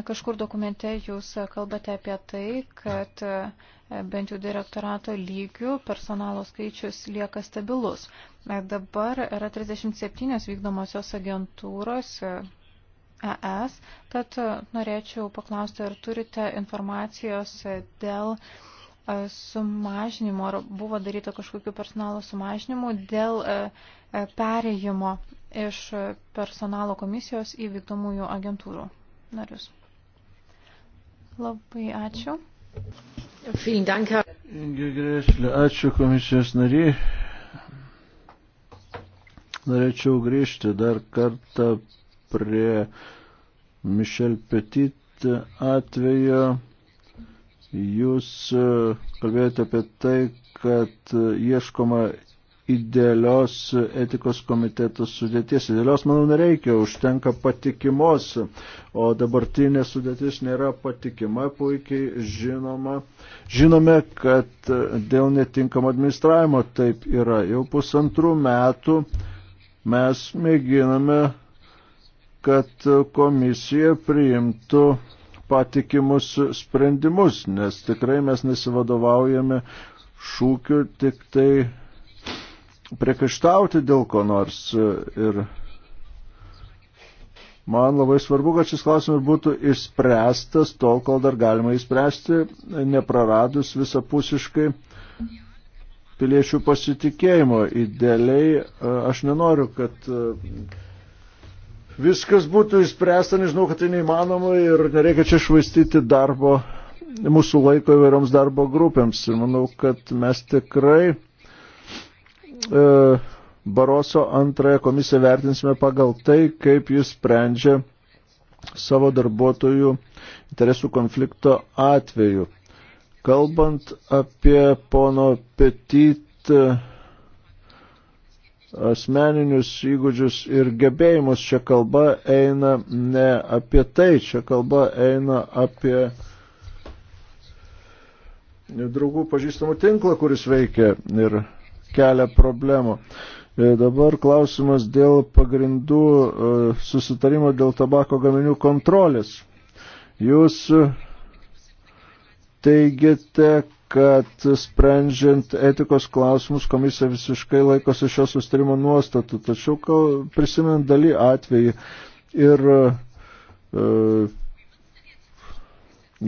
Kažkur dokumente jūs kalbate apie tai, kad e, bent jau direktorato lygių personalo skaičius lieka stabilus. E, dabar yra 37 vykdomosios agentūros ES, e tad norėčiau paklausti, ar turite informacijos dėl sumažinimo, ar buvo daryta kažkokiu personalo sumažinimu dėl perėjimo iš personalo komisijos į vykdomųjų agentūrų narius. Labai ačiū. Ačiū komisijos nariai. Norėčiau grįžti dar kartą prie Mišel Petit atvejo. Jūs e, kalbėjote apie tai, kad ieškoma idealios etikos komiteto sudėties. Idealios, manau, nereikia, užtenka patikimos, o dabartinė sudėtis nėra patikima, puikiai žinoma. Žinome, kad dėl netinkamo administravimo taip yra. Jau pusantrų metų mes mėginame, kad komisija priimtų patikimus sprendimus, nes tikrai mes nesivadovaujame šūkių tik tai priekaištauti dėl ko nors. E, ir man labai svarbu, kad šis klausimas būtų išspręstas tol, kol dar galima įspręsti, nepraradus visapusiškai piliečių pasitikėjimo. Idealiai e, aš nenoriu, kad e, viskas būtų išspręsta, nežinau, kad tai neįmanoma ir nereikia čia švaistyti darbo, mūsų laiko įvairioms darbo grupėms. Ir manau, kad mes tikrai E, Baroso antrąją komisiją vertinsime pagal tai, kaip jis sprendžia savo darbuotojų interesų konflikto atveju. Kalbant apie pono Petit e, asmeninius įgūdžius ir gebėjimus, čia kalba eina ne apie tai, čia kalba eina apie draugų pažįstamų tinklą, kuris veikia ir kelia problemų. E, dabar klausimas dėl pagrindų e, susitarimo dėl tabako gaminių kontrolės. Jūs teigiate, kad sprendžiant etikos klausimus komisija visiškai laikosi šio sustarimo nuostatų, tačiau prisimint dalį atvejį ir e,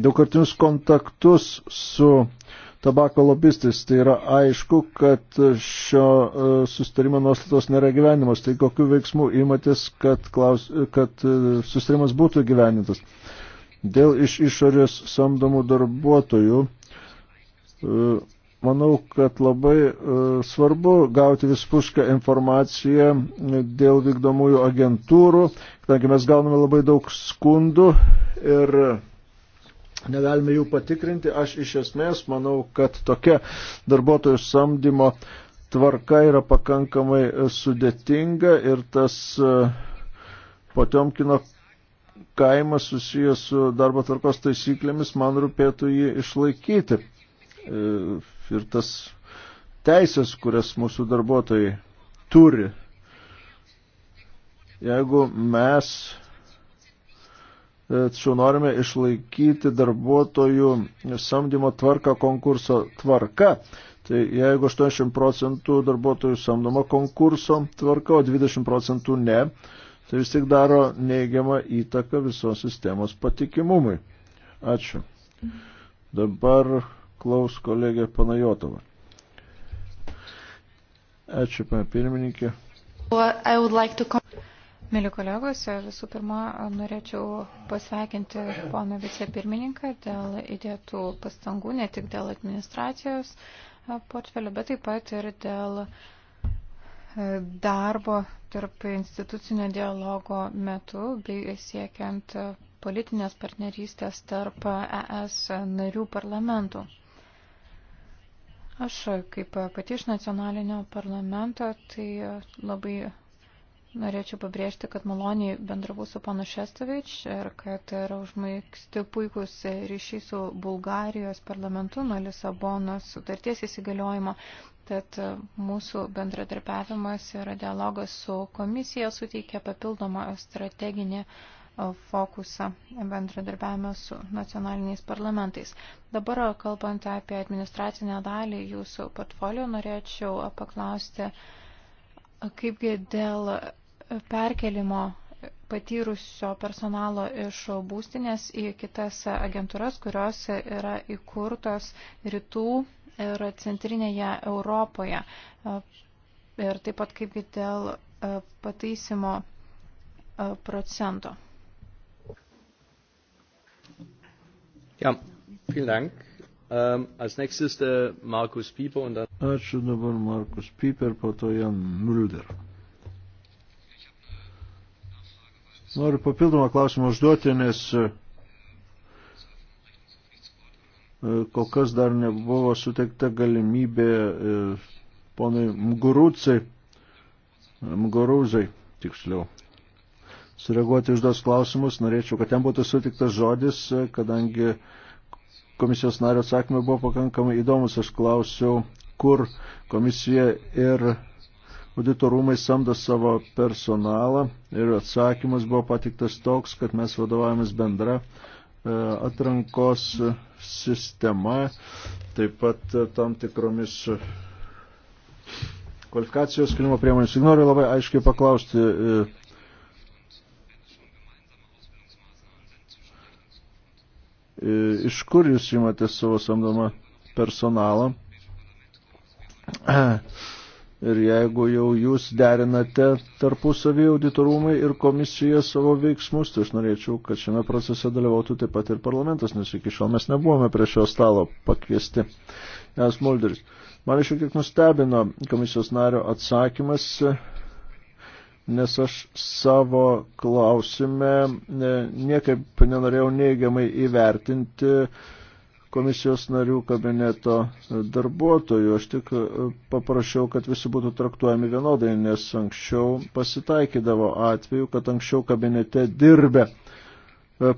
daugkartinius kontaktus su e, tabako lobistais. Tai yra aišku, kad šio e, sustarimo nuostatos nėra gyvenimas. Tai kokiu veiksmu įmatės, kad, klaus, kad e, sustarimas būtų gyvenintas. Dėl iš išorės samdomų darbuotojų. E, manau, kad labai svarbu gauti vispušką informaciją dėl vykdomųjų agentūrų, kadangi mes gauname labai daug skundų ir negalime jų patikrinti. Aš iš esmės manau, kad tokia darbuotojų samdymo tvarka yra pakankamai e, sudėtinga ir tas e, Potiomkino kaimas susijęs su darbo tvarkos taisyklėmis, man rūpėtų jį išlaikyti. E, ir tas teisės, kurias mūsų darbuotojai turi. Jeigu mes Tačiau norime išlaikyti darbuotojų samdymo tvarką konkurso tvarka. Tai jeigu 80 procentų darbuotojų samdoma konkurso tvarka, o 20 procentų ne, tai vis tik daro neigiamą įtaką visos sistemos patikimumui. Ačiū. Dabar klaus kolegė Panajotova. Ačiū, pana pirmininkė. Well, Mėly kolegos, visų pirma, norėčiau pasveikinti poną vicepirmininką dėl įdėtų pastangų, ne tik dėl administracijos portfelio, bet taip pat ir dėl e, darbo tarp institucinio dialogo metu bei siekiant politinės partnerystės tarp ES narių parlamentų. Aš kaip pati iš nacionalinio parlamento, tai labai Norėčiau pabrėžti, kad maloniai bendravau su panu Šestovič ir kad yra užmaigsti puikus ryšiai su Bulgarijos parlamentu nuo Lisabonos sutarties įsigaliojimo. Tad mūsų bendradarbiavimas ir dialogas su komisija suteikia papildomą strateginį fokusą bendradarbiavime su nacionaliniais parlamentais. Dabar, kalbant apie administracinę dalį jūsų portfolio, norėčiau paklausti, kaipgi dėl perkelimo patyrusio personalo iš būstinės į kitas agentūras, kurios yra įkurtos rytų ir centrinėje Europoje. Ir taip pat kaip ir dėl e, pataisimo e, procento. Ja, vielen Dank. Um, als nächstes der äh, Markus Pieper und dann. Ačiū dabar Markus Pieper, po to Jan Mulder. Noriu papildomą klausimą užduoti, nes e, kol kas dar nebuvo suteikta galimybė e, ponai Mgurucai, Mguruzai, tiksliau, sureaguoti užduos klausimus. Norėčiau, kad ten būtų sutiktas žodis, e, kadangi komisijos nario atsakymai buvo pakankamai įdomus. Aš klausiau, kur komisija ir auditorumai samdo savo personalą ir atsakymas buvo patiktas toks, kad mes vadovavomės bendra e, atrankos sistema, taip pat e, tam tikromis kvalifikacijos kelimo priemonės. Ir noriu labai aiškiai paklausti. E, iš kur jūs imate savo samdomą personalą? Ir jeigu jau jūs derinate tarpusavį auditorumai ir komisija savo veiksmus, tai aš norėčiau, kad šiame procese dalyvautų taip pat ir parlamentas, nes iki šiol mes nebuvome prie šio stalo pakviesti. Jas Mulderis. Man šiek tiek nustebino komisijos nario atsakymas, nes aš savo klausime niekaip nenorėjau neigiamai įvertinti komisijos narių kabineto darbuotojų. Aš tik e, paprašiau, kad visi būtų traktuojami vienodai, nes anksčiau pasitaikydavo atveju, kad anksčiau kabinete dirbę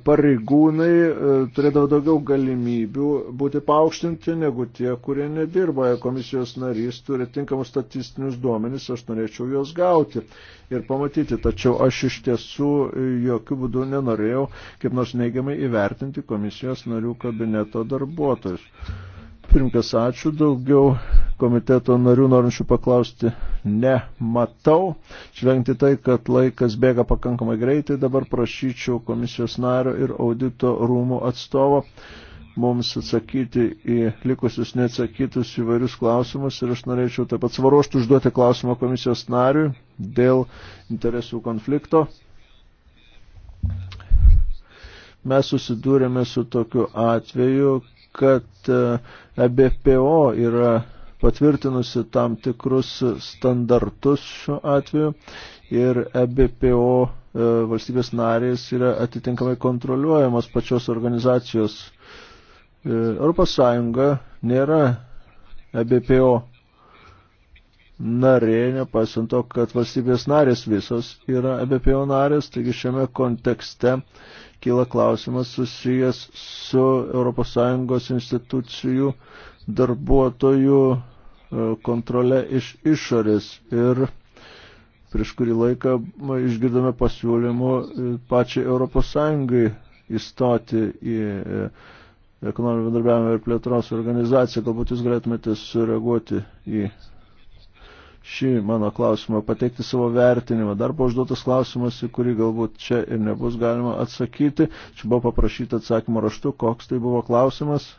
pareigūnai e, turėdavo daugiau galimybių būti paaukštinti negu tie, kurie nedirba. Komisijos narys turi tinkamus statistinius duomenys, aš norėčiau juos gauti ir pamatyti. Tačiau aš iš tiesų jokių būdų nenorėjau kaip nors neigiamai įvertinti komisijos narių kabineto darbuotojus. Pirmkas, ačiū. Daugiau komiteto narių norinčių paklausti nematau. Žvengti tai, kad laikas bėga pakankamai greitai, dabar prašyčiau komisijos nario ir audito rūmų atstovo mums atsakyti į likusius neatsakytus įvairius klausimus ir aš norėčiau taip pat svaruoštų užduoti klausimą komisijos nariui dėl interesų konflikto. Mes susidūrėme su tokiu atveju, kad EBPO e yra patvirtinusi tam tikrus standartus šiuo atveju ir EBPO e, valstybės narės yra atitinkamai kontroliuojamos pačios organizacijos. E, Europos Sąjunga nėra EBPO narė, nepaisant to, kad valstybės narės visos yra EBPO narės, taigi šiame kontekste kyla klausimas susijęs su ES institucijų darbuotojų e, kontrole iš išorės ir prieš kurį laiką išgirdome pasiūlymų e, pačiai ES įstoti į e, ekonominio bendarbiavimo ir plėtros organizaciją. Galbūt jūs galėtumėte sureaguoti į šį mano klausimą, pateikti savo vertinimą. Dar buvo užduotas klausimas, į kurį galbūt čia ir nebus galima atsakyti. Čia buvo paprašyta atsakymo raštu, koks tai buvo klausimas.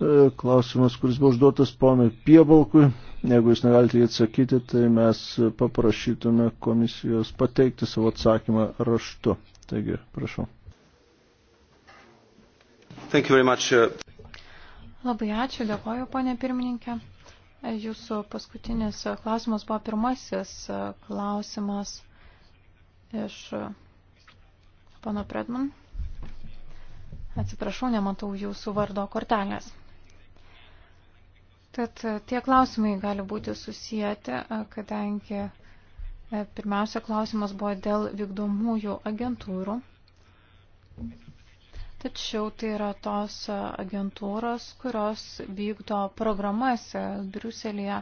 E, klausimas, kuris buvo užduotas ponui Piebalkui. Jeigu jūs negalite jį atsakyti, tai mes paprašytume komisijos pateikti savo atsakymą raštu. Taigi, prašau. Thank you very much. Uh, Labai ačiū, dėkoju, ponė pirmininkė. Jūsų paskutinis klausimas buvo pirmasis klausimas iš pono Predman. Atsiprašau, nematau jūsų vardo kortelės. Tad tie klausimai gali būti susijęti, kadangi e, pirmiausia klausimas buvo dėl vykdomųjų agentūrų. Tačiau tai yra tos agentūros, kurios vykdo programas Briuselėje.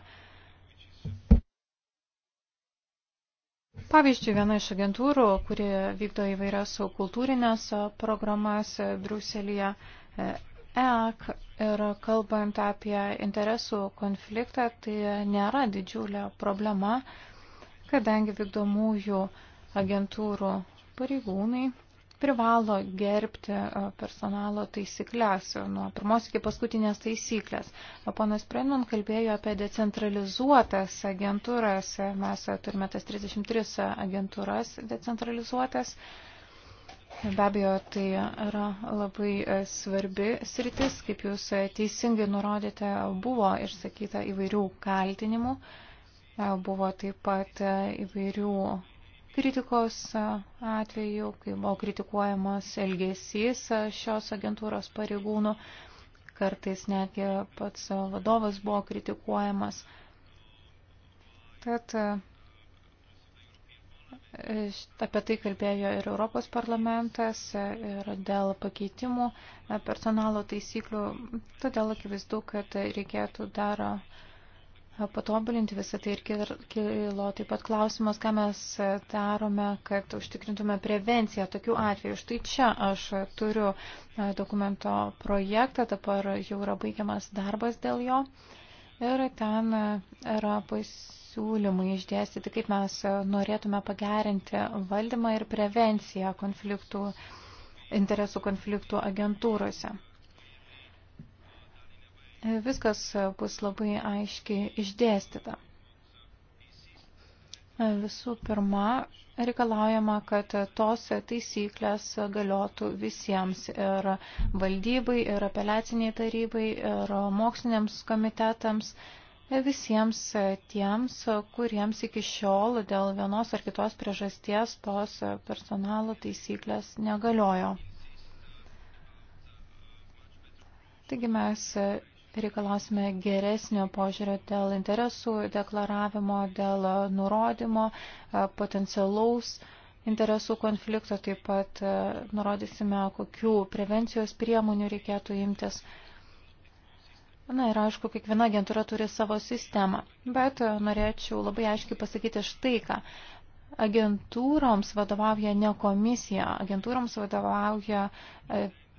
Pavyzdžiui, viena iš agentūrų, kuri vykdo įvairias kultūrinės programas Briuselėje, EAC ir kalbant apie interesų konfliktą, tai nėra didžiulė problema, kadangi vykdomųjų agentūrų pareigūnai privalo gerbti e, personalo taisyklės e, nuo pirmos iki paskutinės taisyklės. E, ponas Prenman kalbėjo apie decentralizuotas agentūras. Mes turime tas 33 agentūras decentralizuotas. Be abejo, tai yra labai svarbi sritis, kaip jūs teisingai nurodėte, buvo išsakyta įvairių kaltinimų, buvo taip pat įvairių kritikos atveju, kai buvo kritikuojamas elgesys šios agentūros pareigūnų, kartais netgi pats vadovas buvo kritikuojamas. Tad apie tai kalbėjo ir Europos parlamentas, ir dėl pakeitimų personalo taisyklių, todėl akivaizdu, kad reikėtų dar patobulinti visą tai ir kilo taip pat klausimas, ką mes darome, kad užtikrintume prevenciją tokių atvejų. Štai čia aš turiu e, dokumento projektą, dabar jau yra baigiamas darbas dėl jo ir ten yra pasiūlymai išdėstyti, kaip mes norėtume pagerinti valdymą ir prevenciją konfliktų, interesų konfliktų agentūrose. Viskas bus labai aiškiai išdėstyta. Visų pirma, reikalaujama, kad tos taisyklės galiotų visiems ir valdybai, ir apeliaciniai tarybai, ir moksliniams komitetams, visiems tiems, kuriems iki šiol dėl vienos ar kitos priežasties tos personalo taisyklės negaliojo. Taigi mes reikalausime geresnio požiūrio dėl interesų deklaravimo, dėl nurodymo, e, potencialaus interesų konflikto, taip pat e, nurodysime, kokių prevencijos priemonių reikėtų imtis. Na ir aišku, kiekviena agentūra turi savo sistemą, bet e, norėčiau labai aiškiai pasakyti štai ką. Agentūroms vadovauja ne komisija, agentūroms vadovauja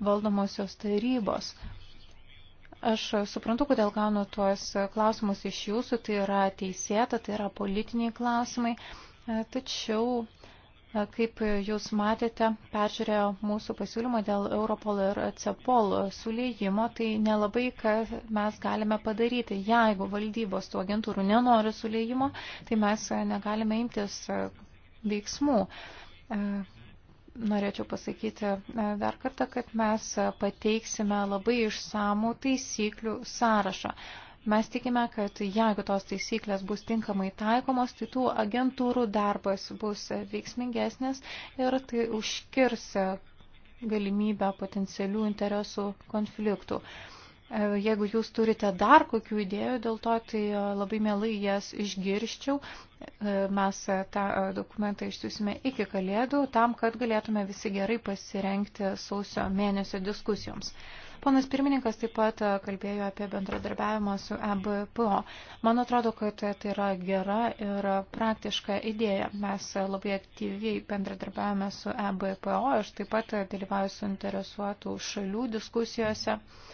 valdomosios tarybos. Aš suprantu, kodėl gaunu tuos klausimus iš jūsų, tai yra teisėta, tai yra politiniai klausimai, tačiau, kaip jūs matėte, peržiūrėjo mūsų pasiūlymą dėl Europol ir CEPOL sulėjimo, tai nelabai, ką mes galime padaryti. Jeigu valdybos tų agentūrų nenori sulėjimo, tai mes negalime imtis veiksmų norėčiau pasakyti e, dar kartą, kad mes pateiksime labai išsamų taisyklių sąrašą. Mes tikime, kad jeigu tos taisyklės bus tinkamai taikomos, tai tų agentūrų darbas bus veiksmingesnis ir tai užkirs galimybę potencialių interesų konfliktų. Uh, E, jeigu jūs turite dar kokių idėjų dėl to, tai e, labai mielai jas išgirščiau. E, mes tą dokumentą išsiusime iki kalėdų, tam, kad galėtume visi gerai pasirenkti sausio mėnesio diskusijoms. Ponas pirmininkas taip pat kalbėjo apie bendradarbiavimą su EBPO. Man atrodo, kad tai yra gera ir praktiška idėja. Mes labai aktyviai bendradarbiavame su EBPO, aš taip pat dalyvauju suinteresuotų šalių diskusijose. Uh,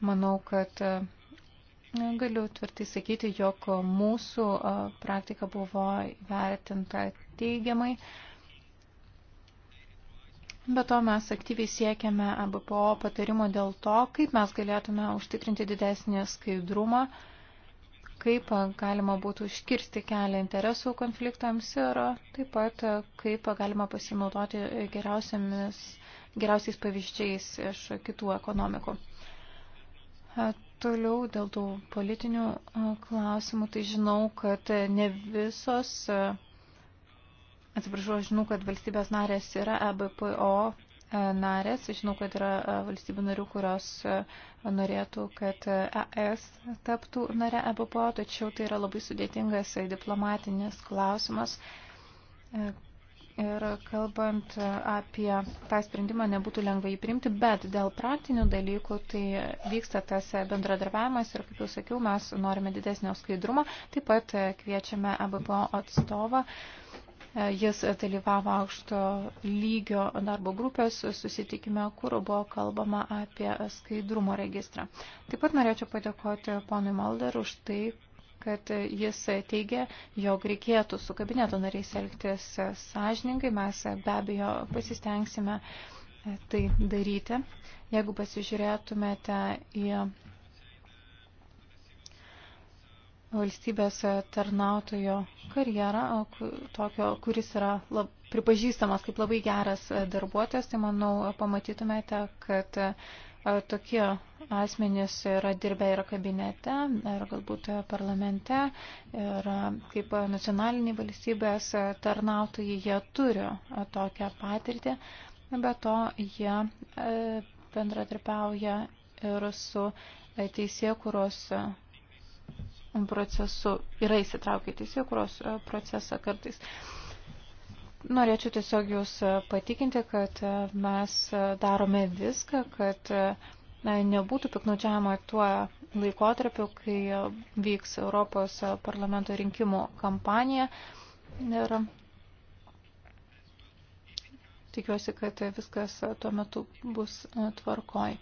Manau, kad e, galiu tvirtai sakyti, jog mūsų e, praktika buvo vertinta teigiamai. Be to mes aktyviai siekiame ABPO patarimo dėl to, kaip mes galėtume užtikrinti didesnį skaidrumą, kaip e, galima būtų užkirsti kelią interesų konfliktams ir taip pat kaip galima pasinaudoti geriausiais pavyzdžiais iš kitų ekonomikų. E, toliau dėl tų politinių e, klausimų, tai žinau, kad ne visos, e, atsiprašau, žinau, kad valstybės narės yra EBPO narės, žinau, kad yra valstybių narių, kurios norėtų, kad ES taptų nare EBPO, tačiau tai yra labai sudėtingas diplomatinis klausimas ir kalbant apie tą sprendimą nebūtų lengva įprimti, bet dėl praktinių dalykų tai vyksta tas bendradarbiavimas ir, kaip jau sakiau, mes norime didesnio skaidrumo. Taip pat kviečiame ABPO atstovą. Jis dalyvavo aukšto lygio darbo grupės susitikime, kur buvo kalbama apie skaidrumo registrą. Taip pat norėčiau padėkoti ponui Malder už tai, kad jis teigia, jog reikėtų su kabineto nariais elgtis sąžiningai. Mes be abejo pasistengsime tai daryti. Jeigu pasižiūrėtumėte į valstybės tarnautojo karjerą, tokio, kuris yra lab, pripažįstamas kaip labai geras darbuotojas, tai manau pamatytumėte, kad tokie asmenys yra dirbę ir kabinete, ir galbūt parlamente, ir kaip nacionaliniai valstybės tarnautojai jie turi tokią patirtį, be to jie e, bendradarbiauja ir su teisėkuros procesu, yra įsitraukę teisėkuros procesą kartais. Norėčiau tiesiog Jūs e, patikinti, kad e, mes e, darome viską, kad nebūtų piknaudžiama tuo laikotarpiu, kai vyks Europos parlamento rinkimų kampanija. Ir tikiuosi, kad viskas tuo metu bus tvarkoj.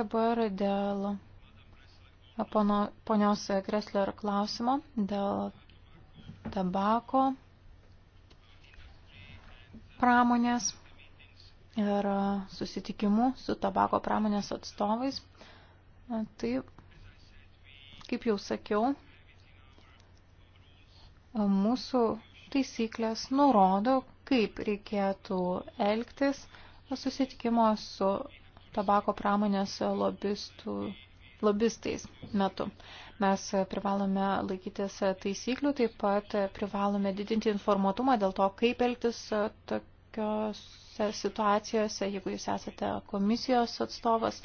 Dabar dėl ponios Gressler klausimo, dėl tabako pramonės ir susitikimu su tabako pramonės atstovais. Tai, kaip jau sakiau, mūsų taisyklės nurodo, kaip reikėtų elgtis susitikimo su tabako pramonės lobistų, lobistais metu. Mes privalome laikytis taisyklių, taip pat privalome didinti informatumą dėl to, kaip elgtis tokiose situacijose, jeigu jūs esate komisijos atstovas.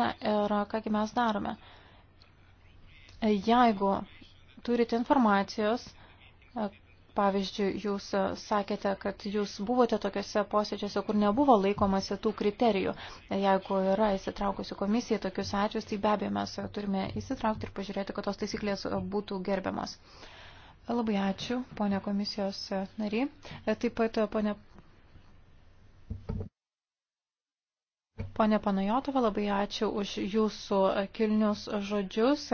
Na ir kągi mes darome. Jeigu turite informacijos, Pavyzdžiui, jūs e, sakėte, kad jūs buvote tokiuose posėdžiuose, kur nebuvo laikomasi tų kriterijų. Jeigu yra įsitraukusi komisija į tokius atvejus, tai be abejo mes turime įsitraukti ir pažiūrėti, kad tos taisyklės e, būtų gerbiamas. Labai ačiū, ponė komisijos e, nariai. Taip pat, ponė. Pone Panajotova, labai ačiū už jūsų kilnius žodžius.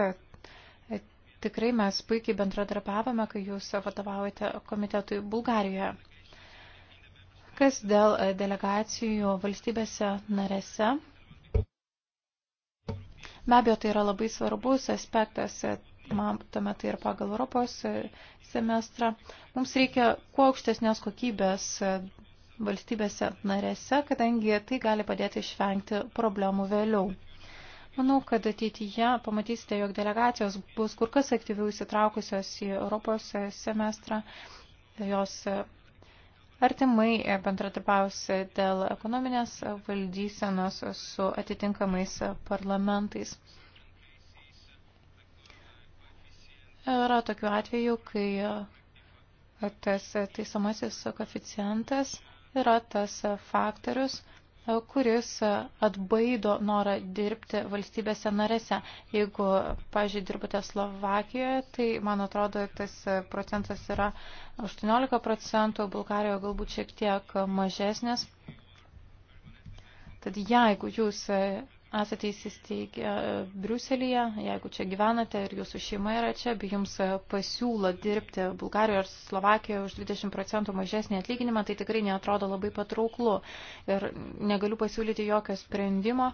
Tikrai mes puikiai bendradarbiavome, kai jūs vadovaujate komitetui Bulgarijoje. Kas dėl e, delegacijų valstybėse narėse? Be abejo, tai yra labai svarbus aspektas, e, matome tai ir pagal Europos e, semestrą. Mums reikia kuo aukštesnės kokybės valstybėse narėse, kadangi tai gali padėti išvengti problemų vėliau. Manau, kad ateityje pamatysite, jog delegacijos bus kur kas aktyviau įsitraukusios į Europos semestrą, jos artimai bendradarbiaus dėl ekonominės valdysenos su atitinkamais parlamentais. Yra tokių atvejų, kai tas taisamasis koeficientas yra tas faktorius, kuris atbaido norą dirbti valstybėse narėse. Jeigu, pažiūrėjau, dirbate Slovakijoje, tai, man atrodo, tas procentas yra 18 procentų, Bulgarijoje galbūt šiek tiek mažesnis. Tad jeigu jūs esate įsisteigę e, Briuselėje, jeigu čia gyvenate ir jūsų šeima yra čia, bei jums e, pasiūlo dirbti Bulgarijoje ar Slovakijoje už 20 procentų mažesnį atlyginimą, tai tikrai neatrodo labai patrauklu. Ir negaliu pasiūlyti jokio sprendimo,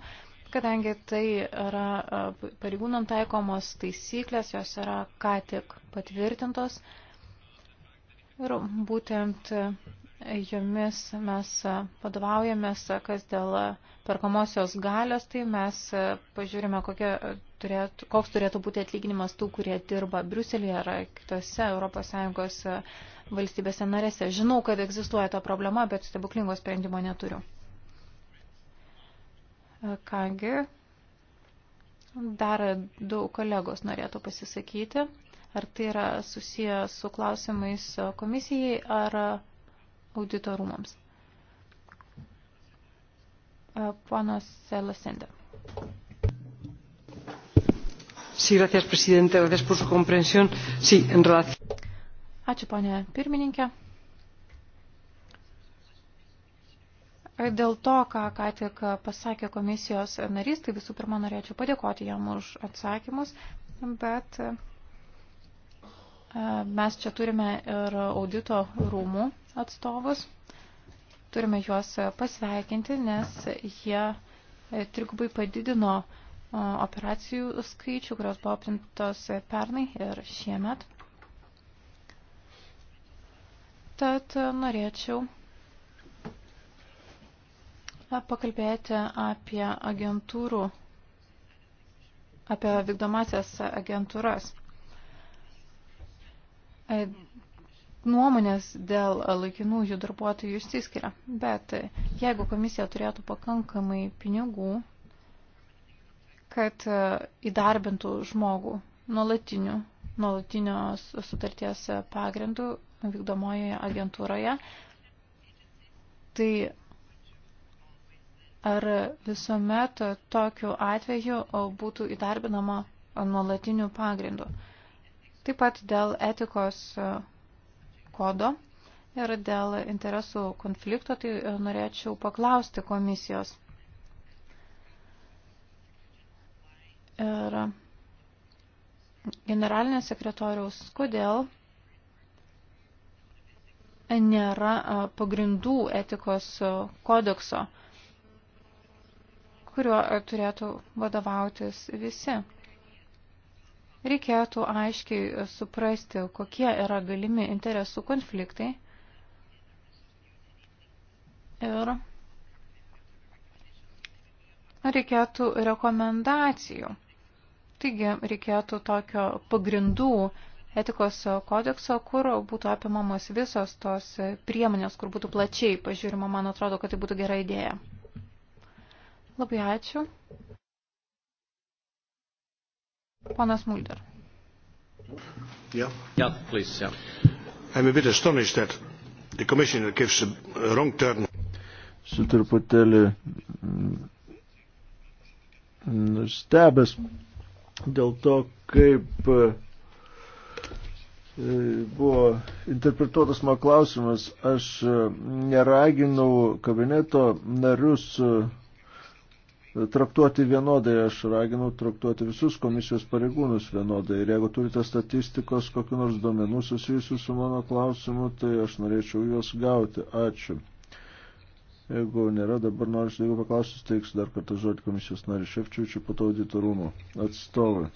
kadangi tai yra e, pareigūnam taikomos taisyklės, jos yra ką tik patvirtintos. Ir būtent jomis mes vadovaujamės, kas dėl perkamosios galios, tai mes pažiūrime, turėtų, koks turėtų būti atlyginimas tų, kurie dirba Briuselėje ar kitose ES valstybėse narėse. Žinau, kad egzistuoja ta problema, bet stebuklingo sprendimo neturiu. Kągi, dar daug kolegos norėtų pasisakyti. Ar tai yra susiję su klausimais komisijai ar auditorumams. Ponas Lasende. Sí, gracias, presidente. Gracias por su comprensión. Sí, en relación. Ačiū, ponė pirmininkė. Dėl to, ką ką tik pasakė komisijos narys, tai visų pirma norėčiau padėkoti jam už atsakymus, bet mes čia turime ir audito rūmų atstovus. Turime juos e, pasveikinti, nes jie e, trigubai padidino e, operacijų skaičių, kurios buvo apimtos pernai ir šiemet. Tad norėčiau pakalbėti apie agentūrų, apie vykdomasias agentūras nuomonės dėl laikinųjų darbuotojų išsiskiria, bet jeigu komisija turėtų pakankamai pinigų, kad įdarbintų žmogų nuolatiniu, nuolatinio sutarties pagrindu vykdomojoje agentūroje, tai ar visuomet tokiu atveju būtų įdarbinama nuolatiniu pagrindu. Taip pat dėl etikos kodo. Ir dėl interesų konflikto, tai e, norėčiau paklausti komisijos. Ir generalinio sekretoriaus, kodėl nėra e, pagrindų etikos e, kodekso, kuriuo turėtų vadovautis visi. Reikėtų aiškiai suprasti, kokie yra galimi interesų konfliktai ir reikėtų rekomendacijų. Taigi reikėtų tokio pagrindų etikos kodekso, kur būtų apimamos visos tos priemonės, kur būtų plačiai pažiūrima, man atrodo, kad tai būtų gera idėja. Labai ačiū. Panas Mulder. Yeah. Yeah, please, yeah. I'm a bit astonished that the commissioner gives a wrong turn. Su truputėlį mm, nustebęs dėl to, kaip e, buvo interpretuotas mano klausimas. Aš e, neraginau kabineto narius e, traktuoti vienodai. Aš raginau traktuoti visus komisijos pareigūnus vienodai. Ir jeigu turite statistikos, kokiu nors domenų susijusiu su mano klausimu, tai aš norėčiau juos gauti. Ačiū. Jeigu nėra, dabar noriu, jeigu paklausiu, teiksiu dar kartą žodį komisijos nariu Šefčiučiu, po to auditorumo atstovui.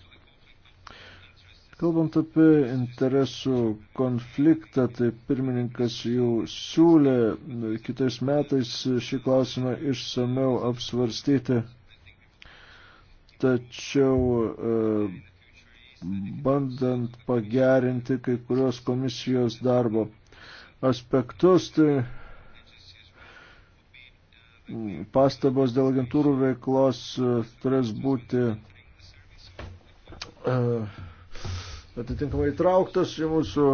Kalbant apie interesų konfliktą, tai pirmininkas jau siūlė kitais metais šį klausimą išsameu apsvarstyti, tačiau e, bandant pagerinti kai kurios komisijos darbo aspektus, tai pastabos dėl agentūrų veiklos e, turės būti uh, atitinkamai įtrauktas į mūsų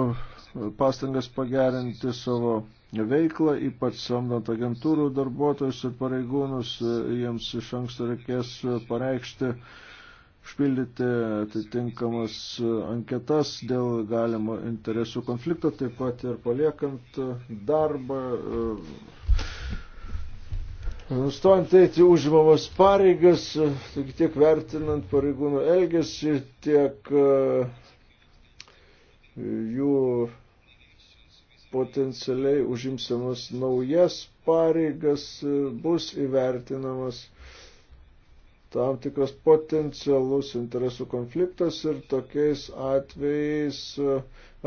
pastangas pagerinti savo veiklą, ypač samdant agentūrų darbuotojus ir pareigūnus, jiems iš anksto reikės pareikšti, užpildyti atitinkamas anketas dėl galimo interesų konflikto, taip pat ir paliekant darbą. E, nustojant eiti užimamas pareigas, tiek vertinant pareigūnų elgesį, tiek uh, jų potencialiai užimsiamas naujas pareigas, e, bus įvertinamas tam tikras potencialus interesų konfliktas ir tokiais atvejais e,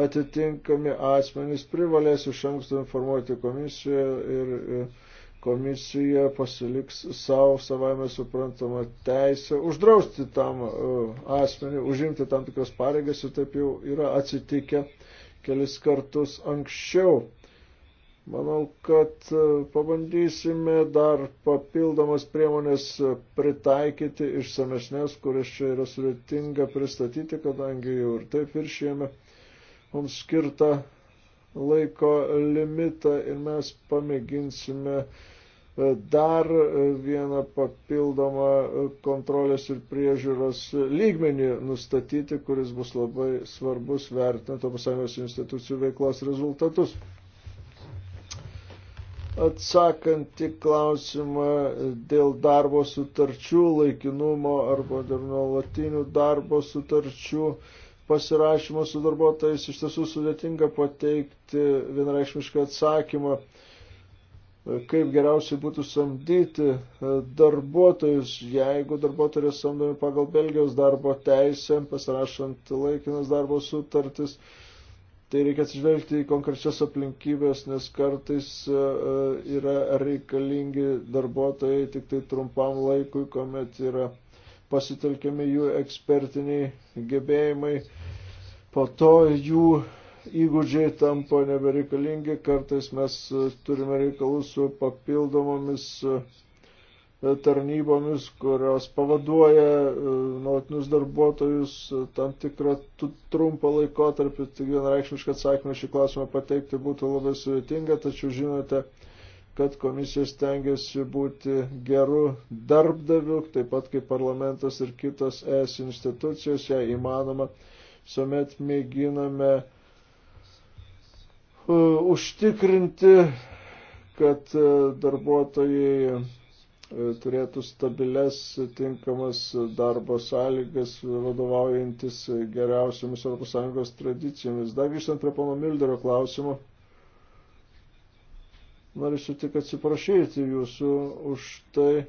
atitinkami asmenys privalės iš anksto informuoti komisiją ir, ir e, komisija pasiliks savo savame suprantamą teisę uždrausti tam e, asmeniu, užimti tam tikras pareigas ir taip jau yra atsitikę kelis kartus anksčiau. Manau, kad e, pabandysime dar papildomas priemonės pritaikyti išsamesnės, kurias čia yra sudėtinga pristatyti, kadangi jau ir taip viršėjame mums skirtą laiko limitą ir mes pamėginsime uh, E, dar e, vieną papildomą e, kontrolės ir priežiūros lygmenį nustatyti, kuris bus labai svarbus vertinant ES institucijų veiklos rezultatus. Atsakant į klausimą dėl darbo sutarčių laikinumo arba dėl nuolatinių darbo sutarčių pasirašymo su darbuotojais, iš tiesų sudėtinga pateikti vienreikšmišką atsakymą kaip geriausiai būtų samdyti e, darbuotojus, jeigu darbuotojai samdomi pagal Belgijos darbo teisę, pasirašant laikinas darbo sutartis. Tai reikia atsižvelgti į konkrečias aplinkybės, nes kartais e, e, yra reikalingi darbuotojai tik tai trumpam laikui, kuomet yra pasitelkiami jų ekspertiniai gebėjimai. Po to jų įgūdžiai tampa nebereikalingi, kartais mes e, turime reikalų su papildomomis e, e, tarnybomis, kurios pavaduoja nuolatinius darbuotojus tam tikrą trumpą laikotarpį. Tik vienareikšmišką atsakymą šį klausimą pateikti būtų labai sudėtinga, tačiau žinote, kad komisija stengiasi būti geru darbdaviu, taip pat kaip parlamentas ir kitos es institucijos, jei įmanoma, visuomet mėginame E, užtikrinti, kad e, darbuotojai e, turėtų stabiles, tinkamas darbo sąlygas, vadovaujantis geriausiamis ES tradicijomis. Dar grįžtant prie pono Milderio klausimo, norėčiau tik atsiprašyti jūsų už tai,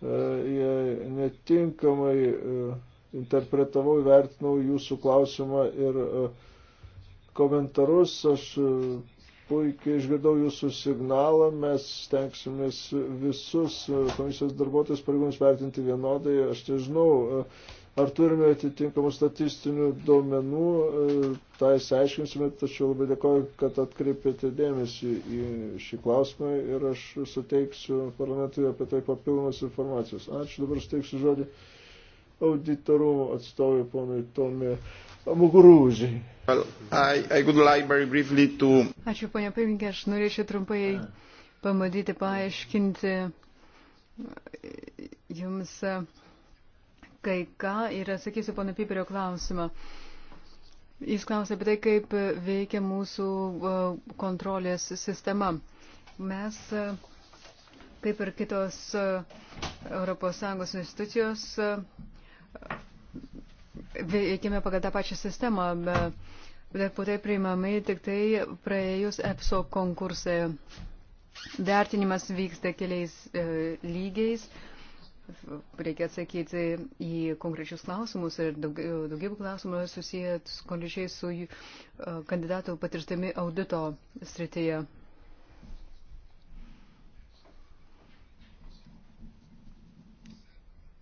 jei netinkamai interpretavau, vertinau jūsų klausimą ir uh, komentarus. Aš e, puikiai išgirdau jūsų signalą, mes stengsimės visus e, komisijos darbuotojus pareigūnus vertinti vienodai. Aš nežinau, e, ar turime atitinkamų statistinių duomenų, tą įsiaiškinsime, tačiau labai dėkoju, kad atkreipėte dėmesį į šį klausimą ir aš suteiksiu parlamentui apie tai papildomas informacijos. Ačiū, dabar suteiksiu žodį auditorumo atstovui ponui Tomė. Mugurūzį. Well, I, I like to... Ačiū, ponia pirmininkė, aš norėčiau trumpai pamatyti, paaiškinti jums kai ką ir atsakysiu pono Piperio klausimą. Jis klausė apie tai, kaip veikia mūsų e, kontrolės sistema. Mes, e, kaip ir kitos ES institucijos, e, veikime pagal tą pačią sistemą, bet po tai priimami tik tai praėjus EPSO konkursai. Vertinimas vyksta keliais e, lygiais, reikia atsakyti į konkrečius klausimus ir daugybų klausimų susiję konkrečiai su e, kandidatų patirtimi audito srityje.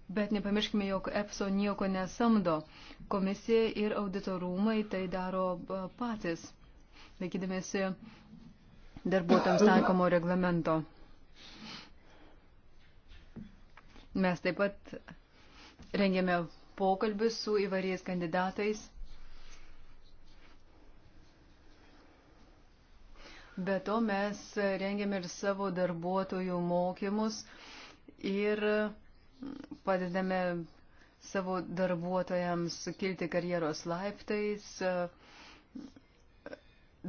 Bet nepamirškime, jog EFSO nieko nesamdo. Komisija ir auditorumai tai daro e, patys, laikydamėsi darbuotojams taikomo reglamento. Mes taip pat rengėme pokalbius su įvairiais kandidatais. Be to mes rengėme ir savo darbuotojų mokymus ir uh, padedame savo darbuotojams kilti karjeros laiptais,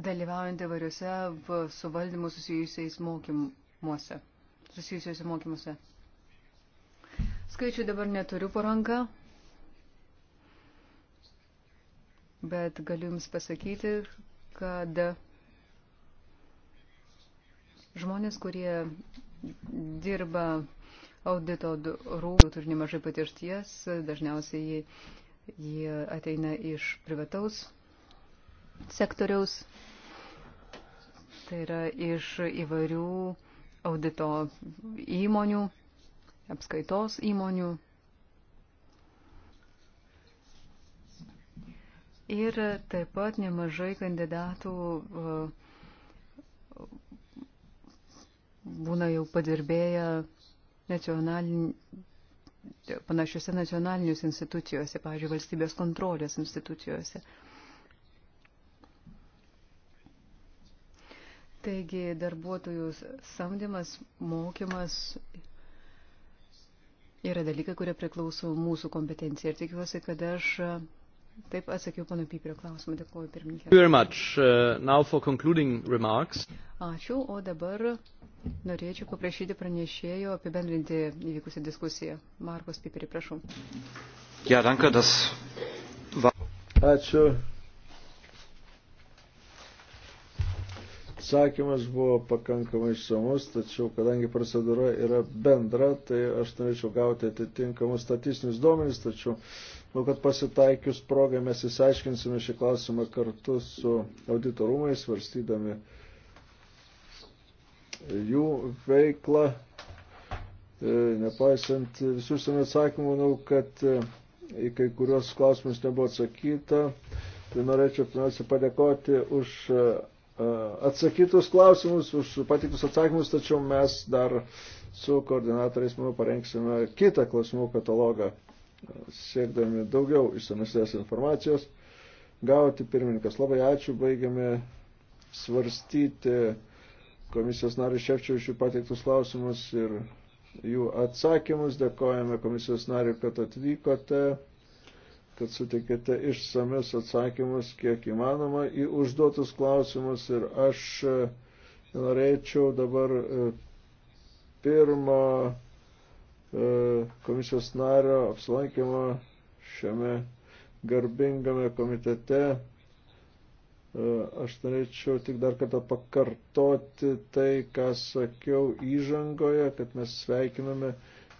dalyvaujant įvairiuose su valdymu susijusiais mokymuose. Susijusiuose mokymuose. Skaičių dabar neturiu poranka, bet galiu Jums pasakyti, kad žmonės, kurie dirba audito rūmų turi nemažai patirties, dažniausiai jie ateina iš privataus sektoriaus, tai yra iš įvairių audito įmonių, apskaitos įmonių. Ir taip pat nemažai kandidatų uh, būna jau padirbėję nacionalin... panašiuose nacionaliniuose institucijose, pavyzdžiui, valstybės kontrolės institucijose. Taigi darbuotojų samdymas, mokymas yra dalykai, kurie priklauso mūsų kompetencijai. Ir tikiuosi, kad aš Taip atsakiau pano Pyprio klausimą, dėkuoju pirmininkė. Uh, Ačiū, o dabar norėčiau paprašyti pranešėjo apibendrinti įvykusią diskusiją. Markos Pypri, prašau. Ja, danke, das... Va... Ačiū. Atsakymas buvo pakankamai išsamus, tačiau kadangi procedūra yra bendra, tai aš norėčiau gauti atitinkamus statistinius duomenys, tačiau Manau, kad pasitaikius progai mes įsiaiškinsime šį klausimą kartu su auditorumais, varstydami jų veiklą. E, nepaisant visų senų atsakymų, manau, kad e, į kai kuriuos klausimus nebuvo atsakyta. Tai norėčiau pirmiausia padėkoti už e, atsakytus klausimus, už patiktus atsakymus, tačiau mes dar su koordinatoriais, manau, parengsime kitą klausimų katalogą siekdami daugiau išsamesnės informacijos gauti. Pirmininkas, labai ačiū, baigiame svarstyti komisijos narių Šefčiovičių pateiktus klausimus ir jų atsakymus. Dėkojame komisijos nariu, kad atvykote, kad sutikėte išsames atsakymus kiek įmanoma į užduotus klausimus ir aš norėčiau dabar e, pirmo E, komisijos nario apsilankimo šiame garbingame komitete. E, aš norėčiau tik dar kartą pakartoti tai, ką sakiau įžangoje, kad mes sveikiname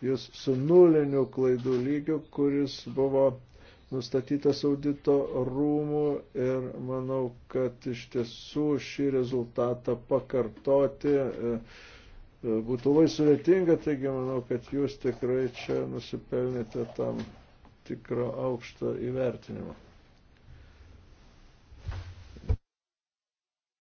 jūs su nuliniu klaidų lygiu, kuris buvo nustatytas audito rūmų ir manau, kad iš tiesų šį rezultatą pakartoti. E, E, būtų labai sudėtinga, taigi manau, kad jūs tikrai čia nusipelnėte tam tikrą aukštą įvertinimą.